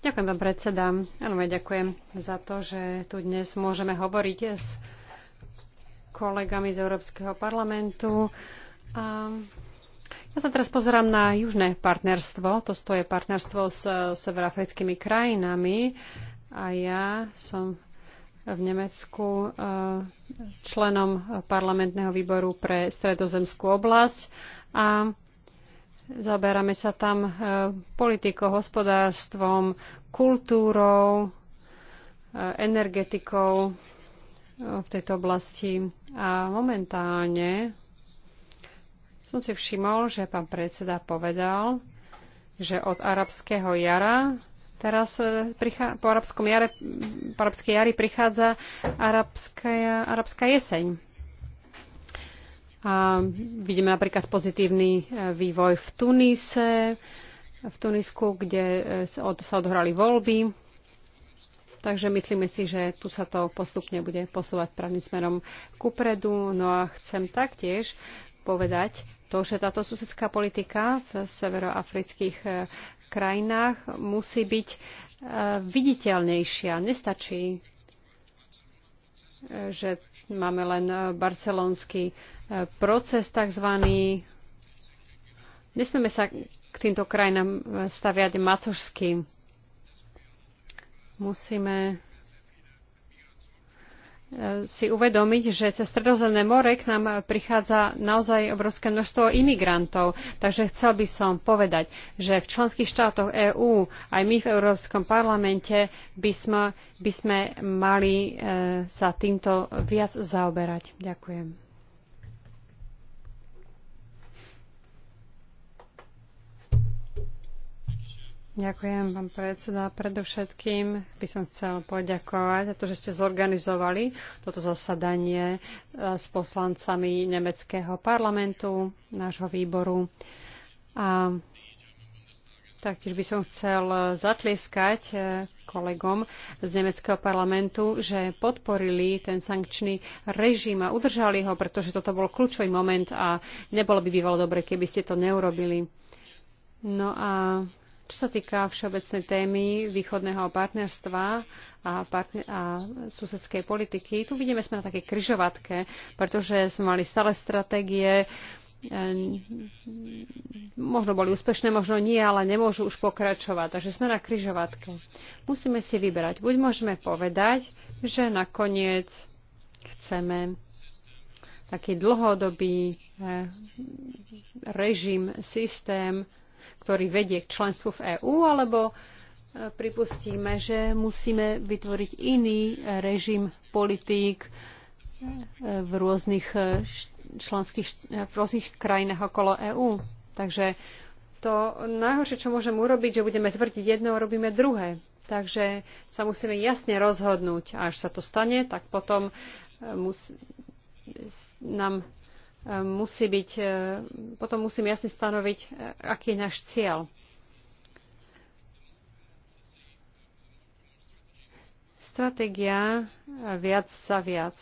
Ďakujem, pán predseda. Áno, ja ďakujem za to, že tu dnes môžeme hovoriť s kolegami z Európskeho parlamentu. A ja sa teraz pozerám na južné partnerstvo. To je partnerstvo s severoafrickými krajinami. A ja som v Nemecku e, členom parlamentného výboru pre stredozemskú oblasť. A Zaberáme sa tam e, politikou, hospodárstvom, kultúrou, e, energetikou e, v tejto oblasti. A momentálne som si všimol, že pán predseda povedal, že od arabského jara teraz po arabskom jare, po arabskej jari prichádza arabská, arabská jeseň. A vidíme napríklad pozitívny e, vývoj v Tunise, v Tunisku, kde e, sa odhrali voľby. Takže myslíme si, že tu sa to postupne bude posúvať právnym smerom kupredu. No a chcem taktiež povedať to, že táto susedská politika v severoafrických e, krajinách musí byť viditeľnejšia. Nestačí že máme len e, barcelonský e, proces takzvaný. Nesmieme sa k týmto krajinám e, staviať macožským. Musíme E, si uvedomiť, že cez Stredozemné more k nám prichádza naozaj obrovské množstvo imigrantov. Takže chcel by som povedať, že v členských štátoch EÚ, aj my v Európskom parlamente, by sme, by sme mali e, sa týmto viac zaoberať. Ďakujem. Ďakujem, pán predseda. Predovšetkým by som chcel poďakovať za to, že ste zorganizovali toto zasadanie eh, s poslancami nemeckého parlamentu, nášho výboru. A taktiež by som chcel eh, zatlieskať eh, kolegom z nemeckého parlamentu, že podporili ten sankčný režim a udržali ho, pretože toto bol kľúčový moment a nebolo by bývalo dobre, keby ste to neurobili. No a čo sa týka všeobecnej témy východného partnerstva a, partner- a susedskej politiky, tu vidíme, sme na také kryžovatke, pretože sme mali stále stratégie, e, možno boli úspešné, možno nie, ale nemôžu už pokračovať. Takže sme na kryžovatke. Musíme si vybrať. Buď môžeme povedať, že nakoniec chceme taký dlhodobý e, režim, systém, ktorý vedie k členstvu v EÚ, alebo e, pripustíme, že musíme vytvoriť iný režim politík e, v rôznych e, členských v rôznych krajinách okolo EÚ. Takže to najhoršie, čo môžeme urobiť, že budeme tvrdiť jedno a robíme druhé. Takže sa musíme jasne rozhodnúť. A až sa to stane, tak potom mus, nám musí byť, e, potom musím jasne stanoviť, e, aký je náš cieľ. Stratégia e, viac za viac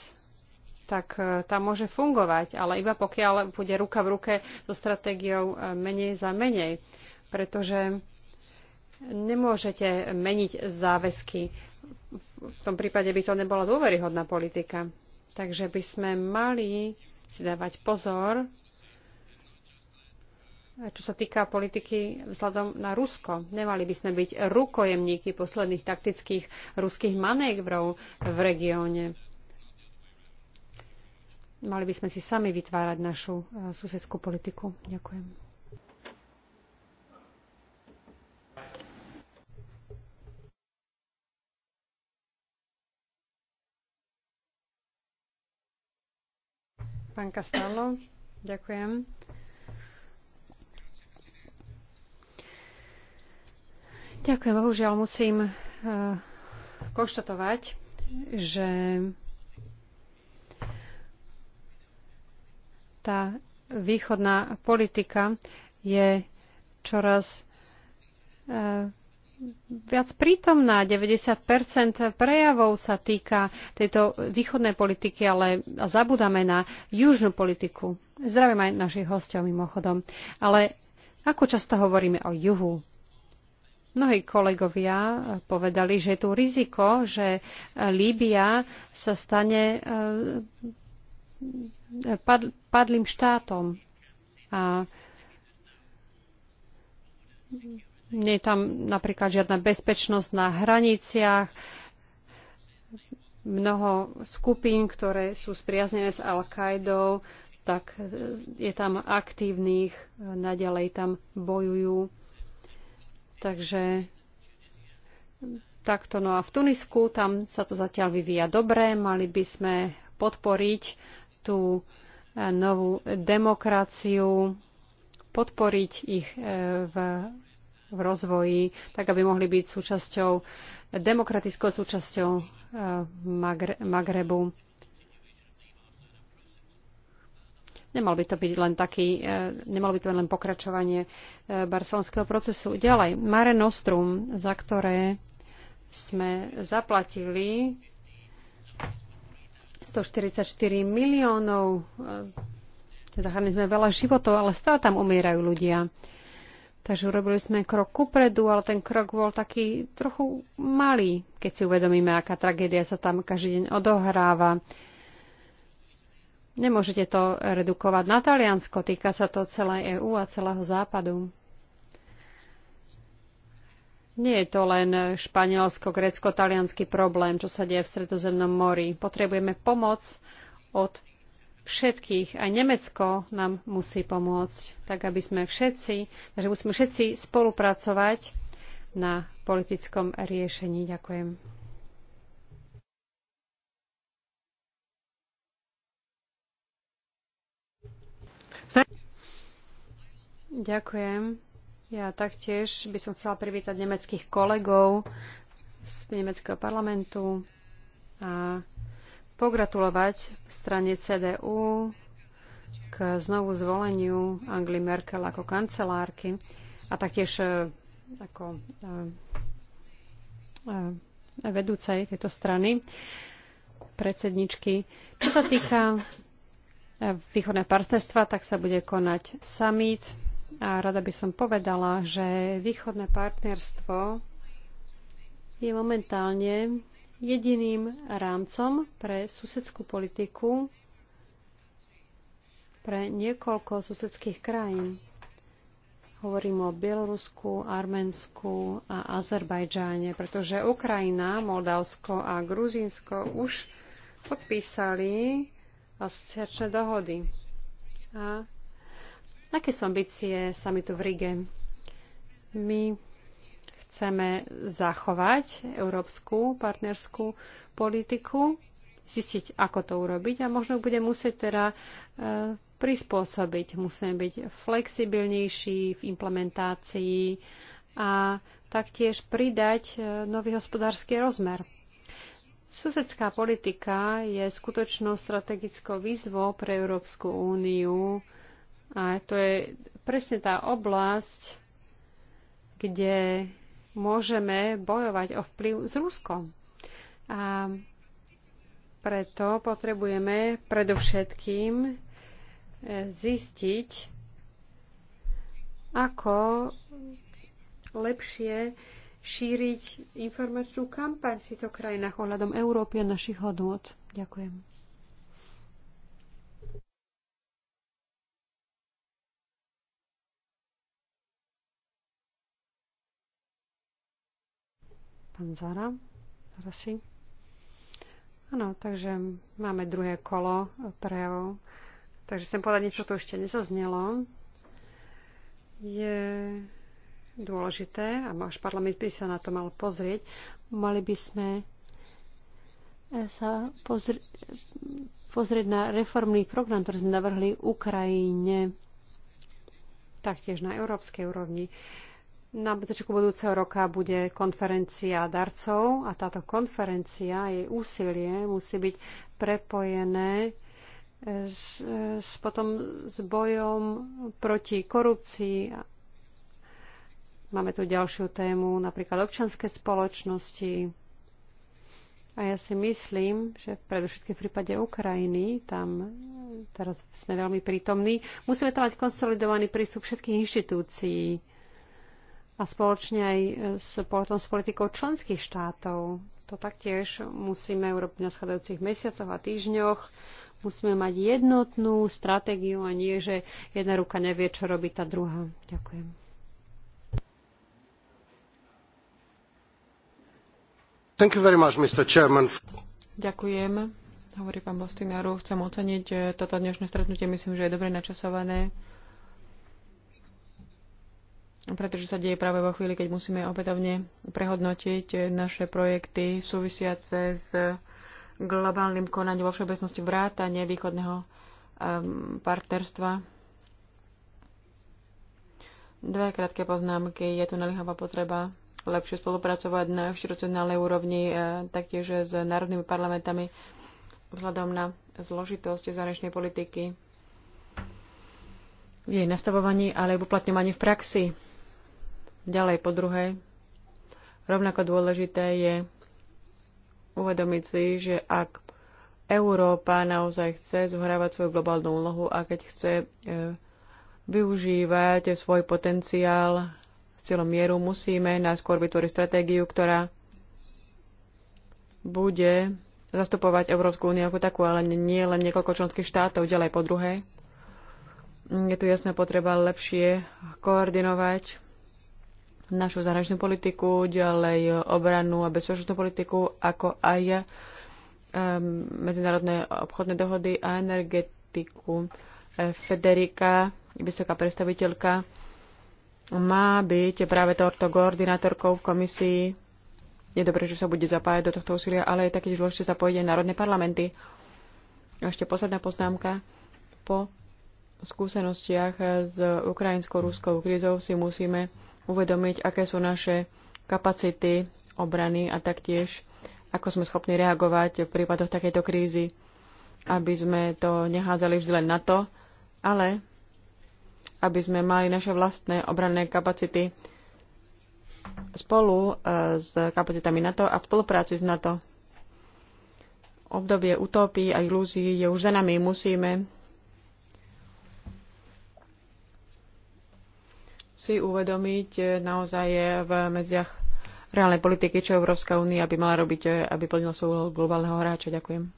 tak tá môže fungovať, ale iba pokiaľ bude ruka v ruke so stratégiou menej za menej, pretože nemôžete meniť záväzky. V tom prípade by to nebola dôveryhodná politika. Takže by sme mali si dávať pozor, čo sa týka politiky vzhľadom na Rusko. Nemali by sme byť rukojemníky posledných taktických ruských manévrov v regióne. Mali by sme si sami vytvárať našu eh, susedskú politiku. Ďakujem. Pán ďakujem. Ďakujem. Bohužiaľ musím eh, konštatovať, že tá východná politika je čoraz eh, viac prítomná. 90 prejavov sa týka tejto východnej politiky, ale zabudáme na južnú politiku. Zdravím aj našich hostov mimochodom. Ale ako často hovoríme o juhu? Mnohí kolegovia povedali, že je tu riziko, že Líbia sa stane e, padlým štátom. A nie je tam napríklad žiadna bezpečnosť na hraniciach, mnoho skupín, ktoré sú spriaznené s Al-Qaidou, tak e, je tam aktívnych, e, naďalej tam bojujú. Takže e, takto. No a v Tunisku tam sa to zatiaľ vyvíja dobre. Mali by sme podporiť tú novú demokraciu, podporiť ich v v rozvoji, tak aby mohli byť súčasťou, demokratickou súčasťou eh, Magrebu. Nemal by to byť len taký, eh, nemal by to byť len pokračovanie eh, barcelonského procesu. Ďalej, Mare Nostrum, za ktoré sme zaplatili 144 miliónov. Zachránili sme veľa životov, ale stále tam umierajú ľudia. Takže urobili sme krok kupredu, ale ten krok bol taký trochu malý, keď si uvedomíme, aká tragédia sa tam každý deň odohráva. Nemôžete to redukovať na Taliansko, týka sa to celej EÚ a celého západu. Nie je to len španielsko, grécko, talianský problém, čo sa deje v Stredozemnom mori. Potrebujeme pomoc od všetkých. Aj Nemecko nám musí pomôcť, tak aby sme všetci, takže musíme všetci spolupracovať na politickom riešení. Ďakujem. Ďakujem. Ja taktiež by som chcela privítať nemeckých kolegov z nemeckého parlamentu a pogratulovať strane CDU k znovu zvoleniu Angli Merkel ako kancelárky a taktiež e, ako e, e, vedúcej tejto strany, predsedničky. Čo sa týka východného partnerstva, tak sa bude konať summit. A rada by som povedala, že východné partnerstvo je momentálne jediným rámcom pre susedskú politiku pre niekoľko susedských krajín. Hovorím o Bielorusku, Arménsku a Azerbajdžáne, pretože Ukrajina, Moldavsko a Gruzínsko už podpísali asociačné dohody. A aké sú ambície samitu v Rige? My chceme zachovať európsku partnerskú politiku, zistiť, ako to urobiť a možno bude musieť teda e, prispôsobiť. Musíme byť flexibilnejší v implementácii a taktiež pridať e, nový hospodársky rozmer. Susedská politika je skutočnou strategickou výzvou pre Európsku úniu a to je presne tá oblasť, kde môžeme bojovať o vplyv s Ruskom. A preto potrebujeme predovšetkým e, zistiť, ako lepšie šíriť informačnú kampaň v týchto krajinách ohľadom Európy a našich hodnot. Ďakujem. Pán Zara, si. Áno, takže máme druhé kolo prejavov. Takže chcem povedať niečo, to ešte nezaznelo. Je dôležité, a až parlament by sa na to mal pozrieť, mali by sme e, sa pozr- pozrieť na reformný program, ktorý sme navrhli Ukrajine, taktiež na európskej úrovni. Uh, na začiatku budúceho roka bude konferencia darcov a táto konferencia, jej úsilie musí byť prepojené s, s, potom s bojom proti korupcii. Máme tu ďalšiu tému, napríklad občanské spoločnosti. A ja si myslím, že predovšetkým v prípade Ukrajiny, tam teraz sme veľmi prítomní, musíme tam mať konsolidovaný prístup všetkých inštitúcií, a spoločne aj e, s, potom s politikou členských štátov. To taktiež musíme urobiť v nasledujúcich mesiacoch a týždňoch. Musíme mať jednotnú stratégiu a nie, že jedna ruka nevie, čo robí tá druhá. Ďakujem. Thank you very much, Mr. Chairman. Ďakujem, hovorí pán Bostinaru. Chcem oceniť e, toto dnešné stretnutie. Myslím, že je dobre načasované pretože sa deje práve vo chvíli, keď musíme opätovne prehodnotiť naše projekty súvisiace s globálnym konaním vo všeobecnosti vrátane východného ehm, partnerstva. Dve krátke poznámky. Je tu naliehavá potreba lepšie spolupracovať na inštitucionálnej úrovni, e, taktiež s národnými parlamentami vzhľadom na zložitosť zahraničnej politiky v jej nastavovaní, ale aj v uplatňovaní v praxi Ďalej po druhé, rovnako dôležité je uvedomiť si, že ak Európa naozaj chce zohrávať svoju globálnu úlohu a keď chce e, využívať svoj potenciál s cieľom mieru, musíme najskôr vytvoriť stratégiu, ktorá bude zastupovať Európsku úniu ako takú, ale nie len niekoľko členských štátov, ďalej po druhé. Je tu jasná potreba lepšie koordinovať našu zahraničnú politiku, ďalej obranu a bezpečnostnú politiku, ako aj um, medzinárodné obchodné dohody a energetiku. E, Federika, vysoká predstaviteľka, má byť práve tohto koordinátorkou v komisii. Je dobré, že sa bude zapájať do tohto úsilia, ale je taktiež dôležité zapojiť aj národné parlamenty. A ešte posledná poznámka. Po skúsenostiach s ukrajinsko-ruskou krízou si musíme uvedomiť, aké sú naše kapacity obrany a taktiež, ako sme schopní reagovať v prípadoch takejto krízy, aby sme to nehádzali vždy len na to, ale aby sme mali naše vlastné obranné kapacity spolu e, s kapacitami NATO a v spolupráci s NATO. Obdobie utopí a ilúzií je už za nami. Musíme si uvedomiť e, naozaj je v medziach reálnej politiky, čo Európska únia by mala robiť, e, aby plnila svoju úlohu globálneho hráča. Ďakujem.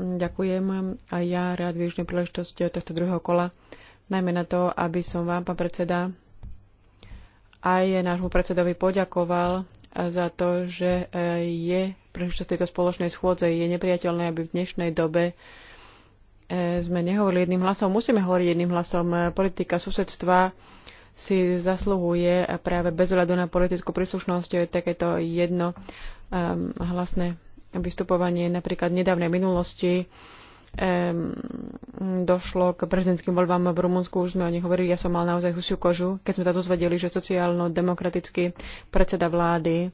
Ďakujem a ja rád využijem príležitosť tohto druhého kola, najmä na to, aby som vám, pán predseda, aj nášmu predsedovi poďakoval e, za to, že je príležitosť tejto spoločnej schôdze. Je nepriateľné, aby v dnešnej dobe E, sme nehovorili jedným hlasom. Musíme hovoriť jedným hlasom. E, politika susedstva si zasluhuje práve bez hľadu na politickú príslušnosť e, takéto jedno um, hlasné vystupovanie. Napríklad v nedávnej minulosti um, došlo k prezidentským voľbám v Rumunsku, už sme o nich hovorili, ja som mal naozaj husiu kožu, keď sme sa dozvedeli, že sociálno-demokratický predseda vlády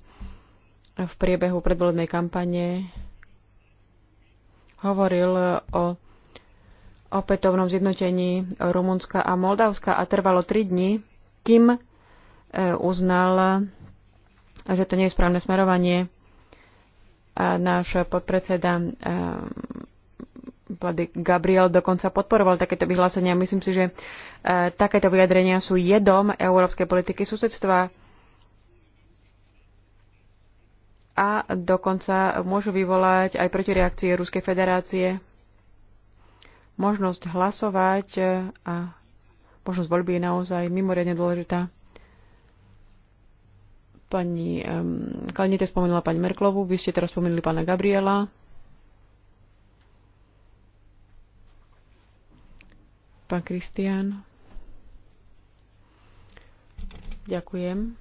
v priebehu predvolebnej kampane hovoril o opätovnom zjednotení Rumunska a Moldavska a trvalo tri dni. kým e, uznal, že to nie je správne smerovanie. A náš podpredseda e, vlády Gabriel dokonca podporoval takéto vyhlásenia. Myslím si, že e, takéto vyjadrenia sú jedom európskej politiky susedstva a dokonca môžu vyvolať aj protireakcie Ruskej federácie možnosť hlasovať e, a možnosť voľby je naozaj mimoriadne dôležitá. Pani um, Kalinite spomenula pani Merklovu, vy ste teraz spomenuli pána Gabriela. Pán Kristián. Ďakujem.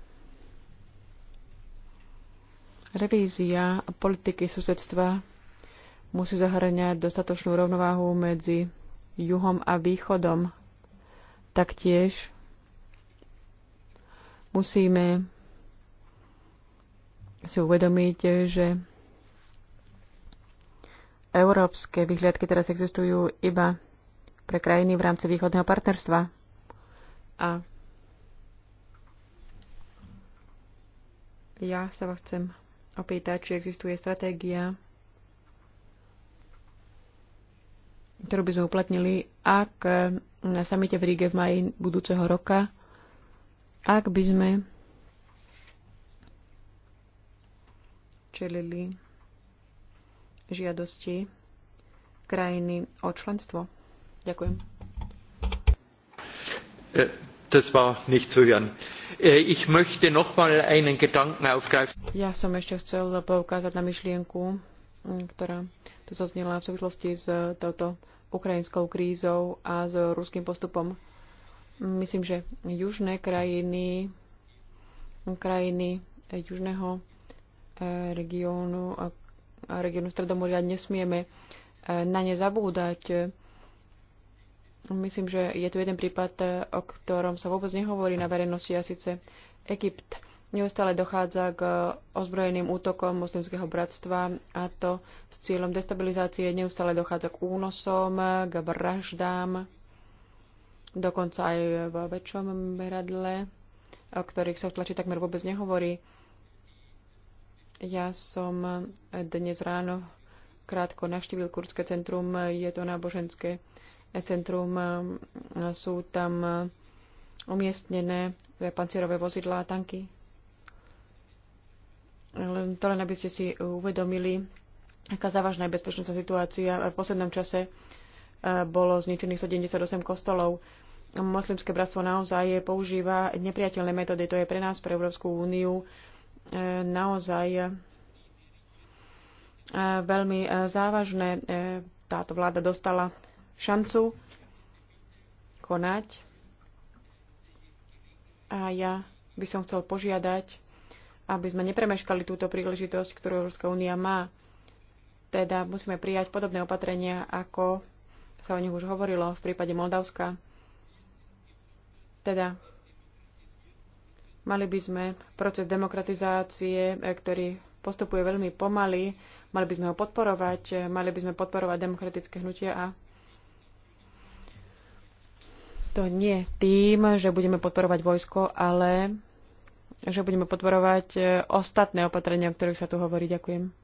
Revízia politiky susedstva musí zahrňať dostatočnú rovnováhu medzi juhom a východom. Taktiež musíme si uvedomiť, že európske vyhliadky teraz existujú iba pre krajiny v rámci východného partnerstva. A ja sa vás chcem opýtať, či existuje stratégia ktorú by sme uplatnili, ak eh, na samite v Ríge v maji budúceho roka, ak by sme čelili žiadosti krajiny o členstvo. Ďakujem. Äh, das war nicht zu hören. Äh, ich möchte noch mal einen Gedanken aufgreifen. Ja som ešte chcel poukázať na myšlienku, mm, ktorá to zaznela v súvislosti s touto ukrajinskou krízou a s ruským postupom. Myslím, že južné krajiny, krajiny južného eh, regiónu a regiónu Stredomoria nesmieme eh, na ne zabúdať. Myslím, že je tu jeden prípad, o ktorom sa vôbec nehovorí na verejnosti a síce Egypt. Neustále dochádza k e, ozbrojeným útokom moslimského bratstva a to s cieľom destabilizácie. Neustále dochádza k únosom, k vraždám, dokonca aj v väčšom meradle, o ktorých sa v tlači takmer vôbec nehovorí. Ja som dnes ráno krátko navštívil Kurdské centrum. Je to náboženské centrum. Sú tam umiestnené pancierové vozidlá a tanky len to len, aby ste si uvedomili, aká závažná je bezpečnostná situácia. V poslednom čase e, bolo zničených 78 kostolov. Moslimské bratstvo naozaj používa nepriateľné metódy. To je pre nás, pre Európsku úniu, e, naozaj e, veľmi závažné. Táto vláda dostala šancu konať. A ja by som chcel požiadať aby sme nepremeškali túto príležitosť, ktorú Európska únia má. Teda musíme prijať podobné opatrenia, ako sa o nich už hovorilo v prípade Moldavska. Teda mali by sme proces demokratizácie, e, ktorý postupuje veľmi pomaly, mali by sme ho podporovať, e, mali by sme podporovať demokratické hnutia a to nie tým, že budeme podporovať vojsko, ale Takže budeme podporovať e, ostatné opatrenia, o ktorých sa tu hovorí. Ďakujem.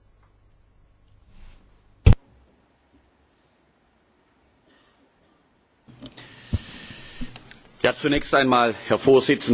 Ja zunächst einmal, Herr Vorsitzender,